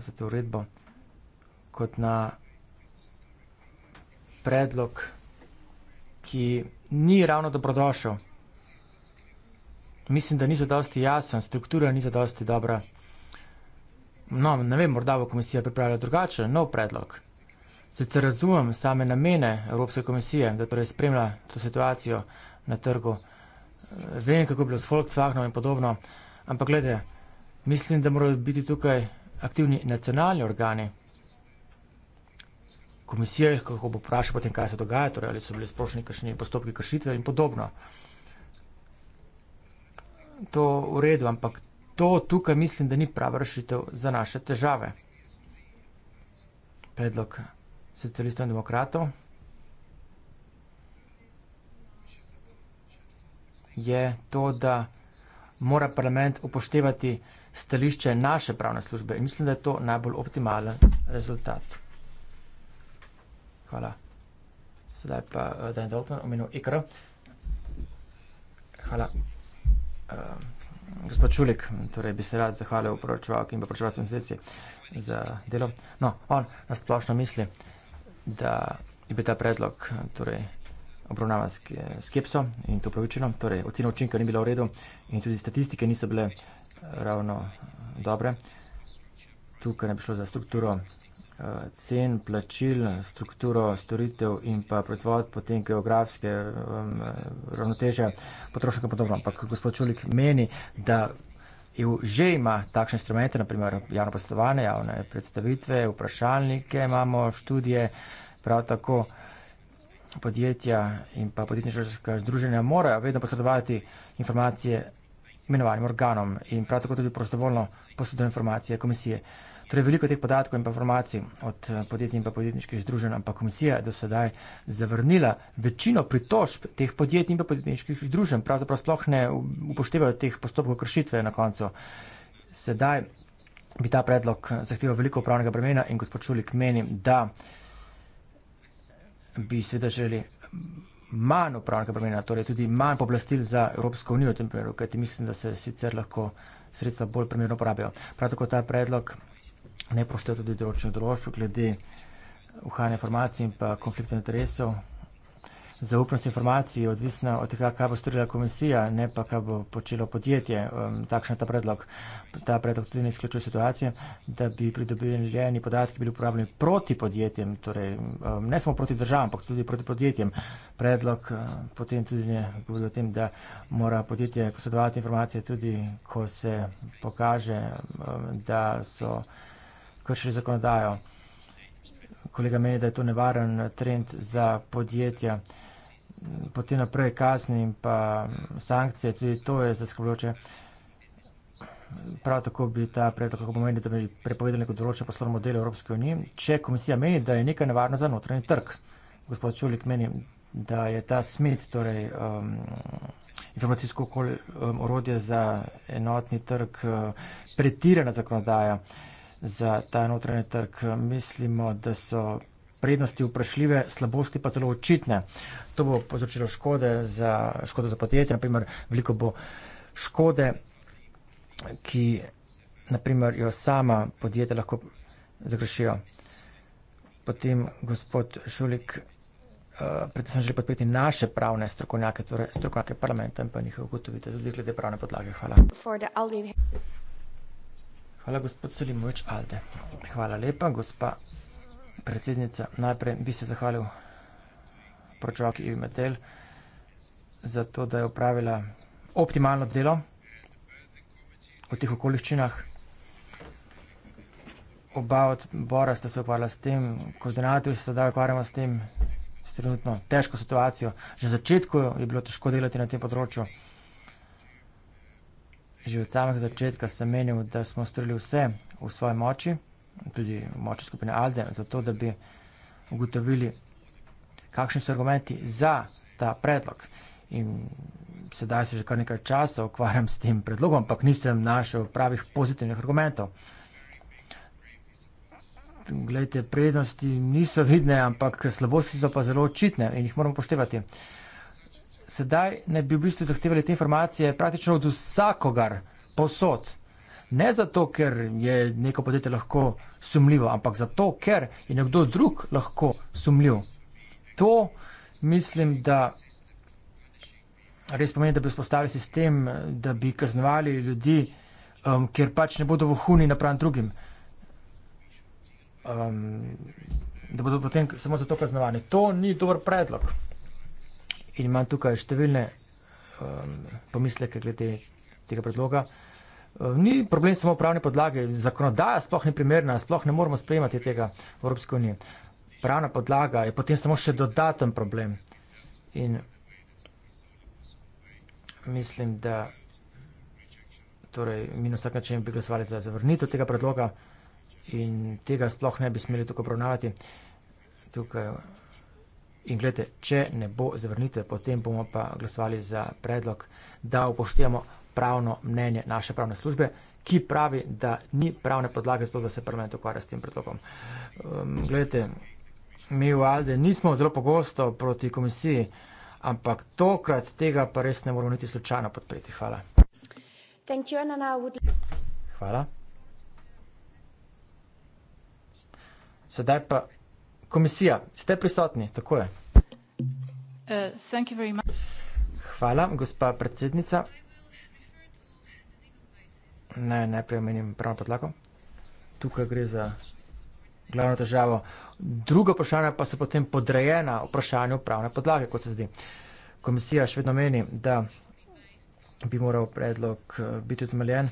Za to uredbo kot na predlog, ki ni ravno dobrodošel. Mislim, da ni zadosti jasen, struktura ni zadosti dobra. No, ne vem, morda bo komisija pripravila drugačen, nov predlog. Sicer razumem same namene Evropske komisije, da torej spremlja to situacijo na trgu. Vem, kako je bilo s Volkswagenom in podobno, ampak gledajte, mislim, da morajo biti tukaj aktivni nacionalni organi, komisije, kako bo vprašal potem, kaj se dogaja, torej ali so bili sprošeni kakšni postopki kršitve in podobno. To v redu, ampak to tukaj mislim, da ni prava rešitev za naše težave. Predlog socialistov in demokratov je to, da mora parlament upoštevati stališče naše pravne službe in mislim, da je to najbolj optimalen rezultat. Hvala. Sedaj pa uh, eh, Dan Dalton, omenil IKR. Hvala. Uh, gospod Čulik, torej bi se rad zahvalil proračevalki in pa proračevalcem sredstvi za delo. No, on nas splošno misli, da je bil ta predlog torej, obravnavan skepso in to pravičeno, torej ocena učinka ni bila v redu in tudi statistike niso bile eh, ravno dobre. Tukaj ne bi šlo za strukturo Eh, cen, plačil, strukturo storitev in pa proizvod, potem geografske um, ravnoteže, potrošnika in podobno. Ampak gospod Čulik meni, da EU že ima takšne instrumente, naprimer javno predstavljanje, javne predstavitve, vprašalnike, imamo študije, prav tako podjetja in pa podjetniška združenja morajo vedno posredovati informacije imenovanim organom in prav tako tudi prostovoljno posredovati informacije komisije. Uh, Torej, veliko teh podatkov in informacij od eh, podjetij in podjetniških združenj, ampak komisija je do sedaj zavrnila večino pritožb teh podjetij in podjetniških združenj, pravzaprav sploh ne upoštevajo teh postopkov kršitve na koncu. Sedaj bi ta predlog eh, zahteval veliko upravnega bremena in gospod Čulik meni, da bi seveda želeli manj upravnega bremena, torej tudi manj poblastil za Evropsko unijo v tem primeru, kajti mislim, da se sicer lahko sredstva bolj primerno porabijo. Prav tako ta predlog ne pošteje tudi določene določbe glede uhajanja informacij in pa konflikta interesov. Zaupnost informacij je odvisna od tega, kaj bo storila komisija, ne pa kaj bo počelo podjetje. Um, takšen je ta predlog. Ta predlog tudi ne izključuje situacije, da bi pridobljeni podatki bili uporabljeni proti podjetjem, torej um, ne samo proti državam, ampak tudi proti podjetjem. Predlog uh, potem tudi ne govori o tem, da mora podjetje posredovati informacije tudi, ko se pokaže, um, da so informacije, kršili zakonodajo. Kolega meni, da je to nevaren trend za podjetja. Potem naprej kazni in pa sankcije, tudi to je zaskrbljujoče. Prav tako bi ta predlog pomenil, da bi prepovedali neko določeno poslovno modelo Evropske unije, če komisija meni, da je nekaj nevarno za notranji trg. Gospod Čulik meni, da je ta smet, torej um, informacijsko okolje, um, orodje za enotni trg, uh, pretirana zakonodaja. Uh, za ta notranji trg. Mislimo, da so prednosti vprašljive, slabosti pa zelo očitne. To bo povzročilo škode za, škode za podjetje, naprimer veliko bo škode, ki naprimer jo sama podjetja lahko zagrešijo. Potem gospod Šulik, uh, predvsem želi podpreti naše pravne strokovnjake, torej strokovnjake parlamenta in pa njihove ugotovitve, tudi glede pravne podlage. Hvala. Hvala, gospod Selimovič Alde. Hvala lepa, gospa predsednica. Najprej bi se zahvalil poročevalki Ivi Metel za to, da je upravila optimalno delo v teh okoliščinah. Oba odbora sta se ukvarjala s tem, koordinatorji se sedaj ukvarjamo s tem, s trenutno težko situacijo. Že v začetku je bilo težko delati na tem področju. Že od samega začetka sem menil, da smo storili vse v svoji moči, tudi v moči skupine Alde, zato da bi ugotovili, kakšni so argumenti za ta predlog. In sedaj se že kar nekaj časa ukvarjam s tem predlogom, ampak nisem našel pravih pozitivnih argumentov. Glejte, prednosti niso vidne, ampak slabosti so pa zelo očitne in jih moramo poštevati. Uh, sedaj ne bi v bistvu zahtevali te informacije praktično od vsakogar, posod. Ne zato, ker je neko podjetje lahko sumljivo, ampak zato, ker je nekdo drug lahko sumljiv. To mislim, da res pomeni, da bi vzpostavili sistem, da bi kaznovali ljudi, um, ker pač ne bodo vohuni napram drugim. Um, da bodo potem samo zato kaznovani. To ni dober predlog in ima tukaj številne um, pomisleke glede tega predloga. Um, ni problem samo pravne podlage, zakonodaja sploh ni primerna, sploh ne moramo sprejemati tega v Evropske unije. Pravna podlaga je potem samo še dodaten problem. In mislim, da torej, mi na vsak način bi glasovali za zavrnitev tega predloga in tega sploh ne bi smeli tukaj obravnavati. Tukaj In gledajte, če ne bo zavrnitve, potem bomo pa glasovali za predlog, da upoštevamo pravno mnenje naše pravne službe, ki pravi, da ni pravne podlage za to, da se parlament ukvarja s tem predlogom. Um, gledajte, mi v Alde nismo zelo pogosto proti komisiji, ampak tokrat tega pa res ne moramo niti slučajno podpreti. Hvala. Hvala. Sedaj pa Komisija, ste prisotni, tako je. Uh, Hvala, gospa predsednica. Naj najprej omenim pravno podlago. Tukaj gre za glavno državo. Druga vprašanja pa so potem podrejena vprašanju pravne podlage, kot se zdi. Komisija še vedno meni, da bi moral predlog eh, biti utemeljen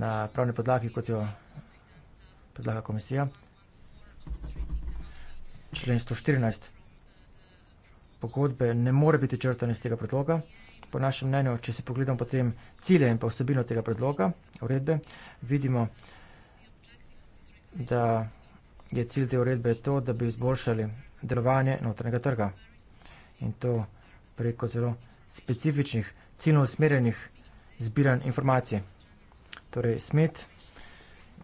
na pravni podlagi, kot jo predlaga komisija člen 114. Pogodbe ne more biti črtane iz tega predloga. Po našem mnenju, če si pogledamo potem cilje in pa vsebino tega predloga, uredbe, vidimo, da je cilj te uredbe to, da bi izboljšali delovanje notranjega trga. In to preko zelo specifičnih, ciljno usmerjenih zbiranj informacij. Torej, smet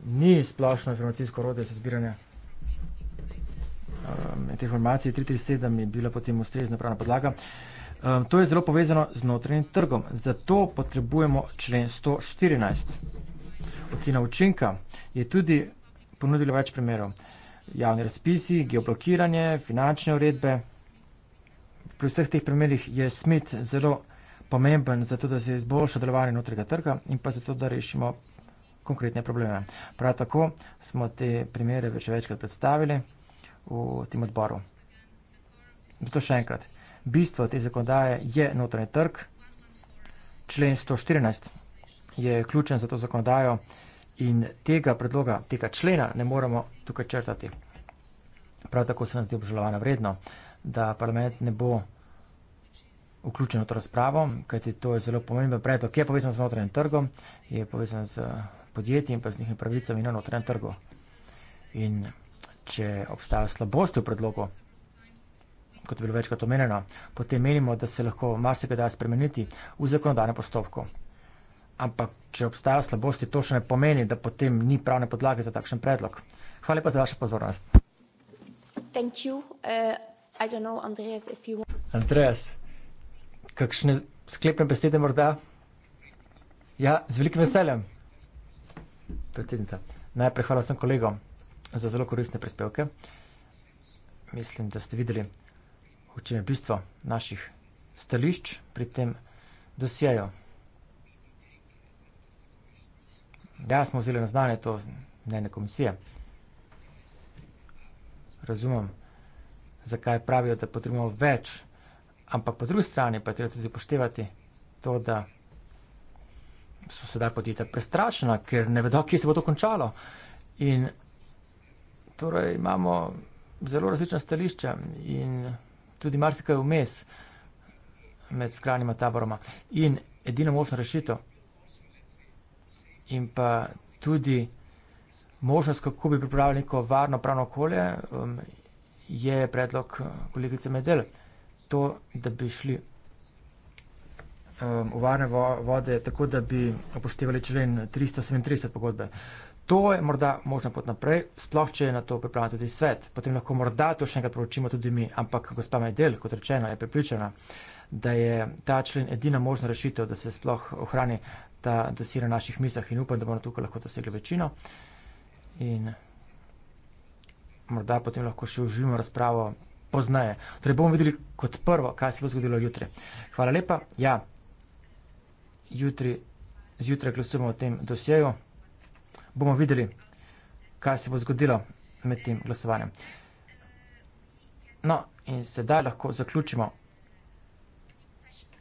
ni splošno informacijsko rode za zbiranje informacij. Eh, te formacije 337 je bila potem ustrezna pravna podlaga. Um, to je zelo povezano z notranjim trgom. Zato potrebujemo člen 114. Ocena učinka je tudi ponudila več primerov. Javni razpisi, geoblokiranje, finančne uredbe. Pri vseh teh primerih je smet zelo pomemben za to, da se izboljša delovanje notrega trga in pa za to, da rešimo konkretne probleme. Prav tako smo te primere več večkrat predstavili v tem odboru. Zato še enkrat. Bistvo te zakonodaje je notranji trg. Člen 114 je ključen za to zakonodajo in tega predloga, tega člena ne moramo tukaj črtati. Prav tako se nam zdi obžalovano vredno, da parlament ne bo vključen v to razpravo, kajti to je zelo pomemben predlog, ki je povezan z notranjim trgom, je povezan z podjetji in pa z njihovimi pravicami na notranjem trgu. In Če obstaja slabost v predlogu, kot je bilo večkrat omenjeno, potem menimo, da se lahko marsikaj da spremeniti v zakonodajnem postopku. Ampak, če obstaja slabosti, to še ne pomeni, da potem ni pravne podlage za takšen predlog. Hvala lepa za vašo pozornost. Uh, Andreas, kakšne sklepne besede morda? Ja, z velikim veseljem. Predsednica, najprej hvala vsem kolegom za zelo koristne prispevke. Mislim, da ste videli, v čem je bistvo naših stališč pri tem dosjeju. Ja, smo vzeli na znanje to mnenje komisije. Razumem, zakaj pravijo, da potrebujemo več, ampak po drugi strani pa je treba tudi poštevati to, da so sedaj podjetja prestrašena, ker ne vedo, kje se bo to končalo. In Torej, imamo zelo različna stališča in tudi marsikaj vmes med skrajnima taboroma. In edina možna rešitev in pa tudi možnost, kako bi pripravili neko varno pravno okolje, um, je predlog uh, kolegice Medel. To, da bi šli um, v varne vode, tako da bi upoštevali člen 337 pogodbe. To je morda možna pot naprej, sploh če je na to pripravljen tudi svet. Potem lahko morda to še enkrat poročimo tudi mi, ampak gospa Majdel, kot rečeno, je pripričana, da je ta člen edina možna rešitev, da se sploh ohrani ta dosir na naših mislah in upam, da bomo tukaj lahko dosegli večino. In morda potem lahko še uživimo razpravo poznaje. Torej bomo videli kot prvo, kaj se bo zgodilo jutri. Hvala lepa. Ja, jutri, zjutraj glasujemo o tem dosjeju bomo videli, kaj se bo zgodilo med tem glasovanjem. No, in sedaj lahko zaključimo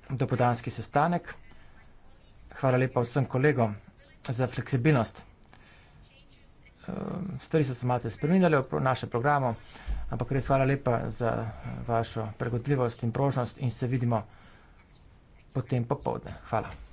dopodanski sestanek. Hvala lepa vsem kolegom za fleksibilnost. Ehm, stvari so se malce spremenjali v našem programu, ampak res hvala lepa za vašo pregodljivost in prožnost in se vidimo potem popovdne. Hvala.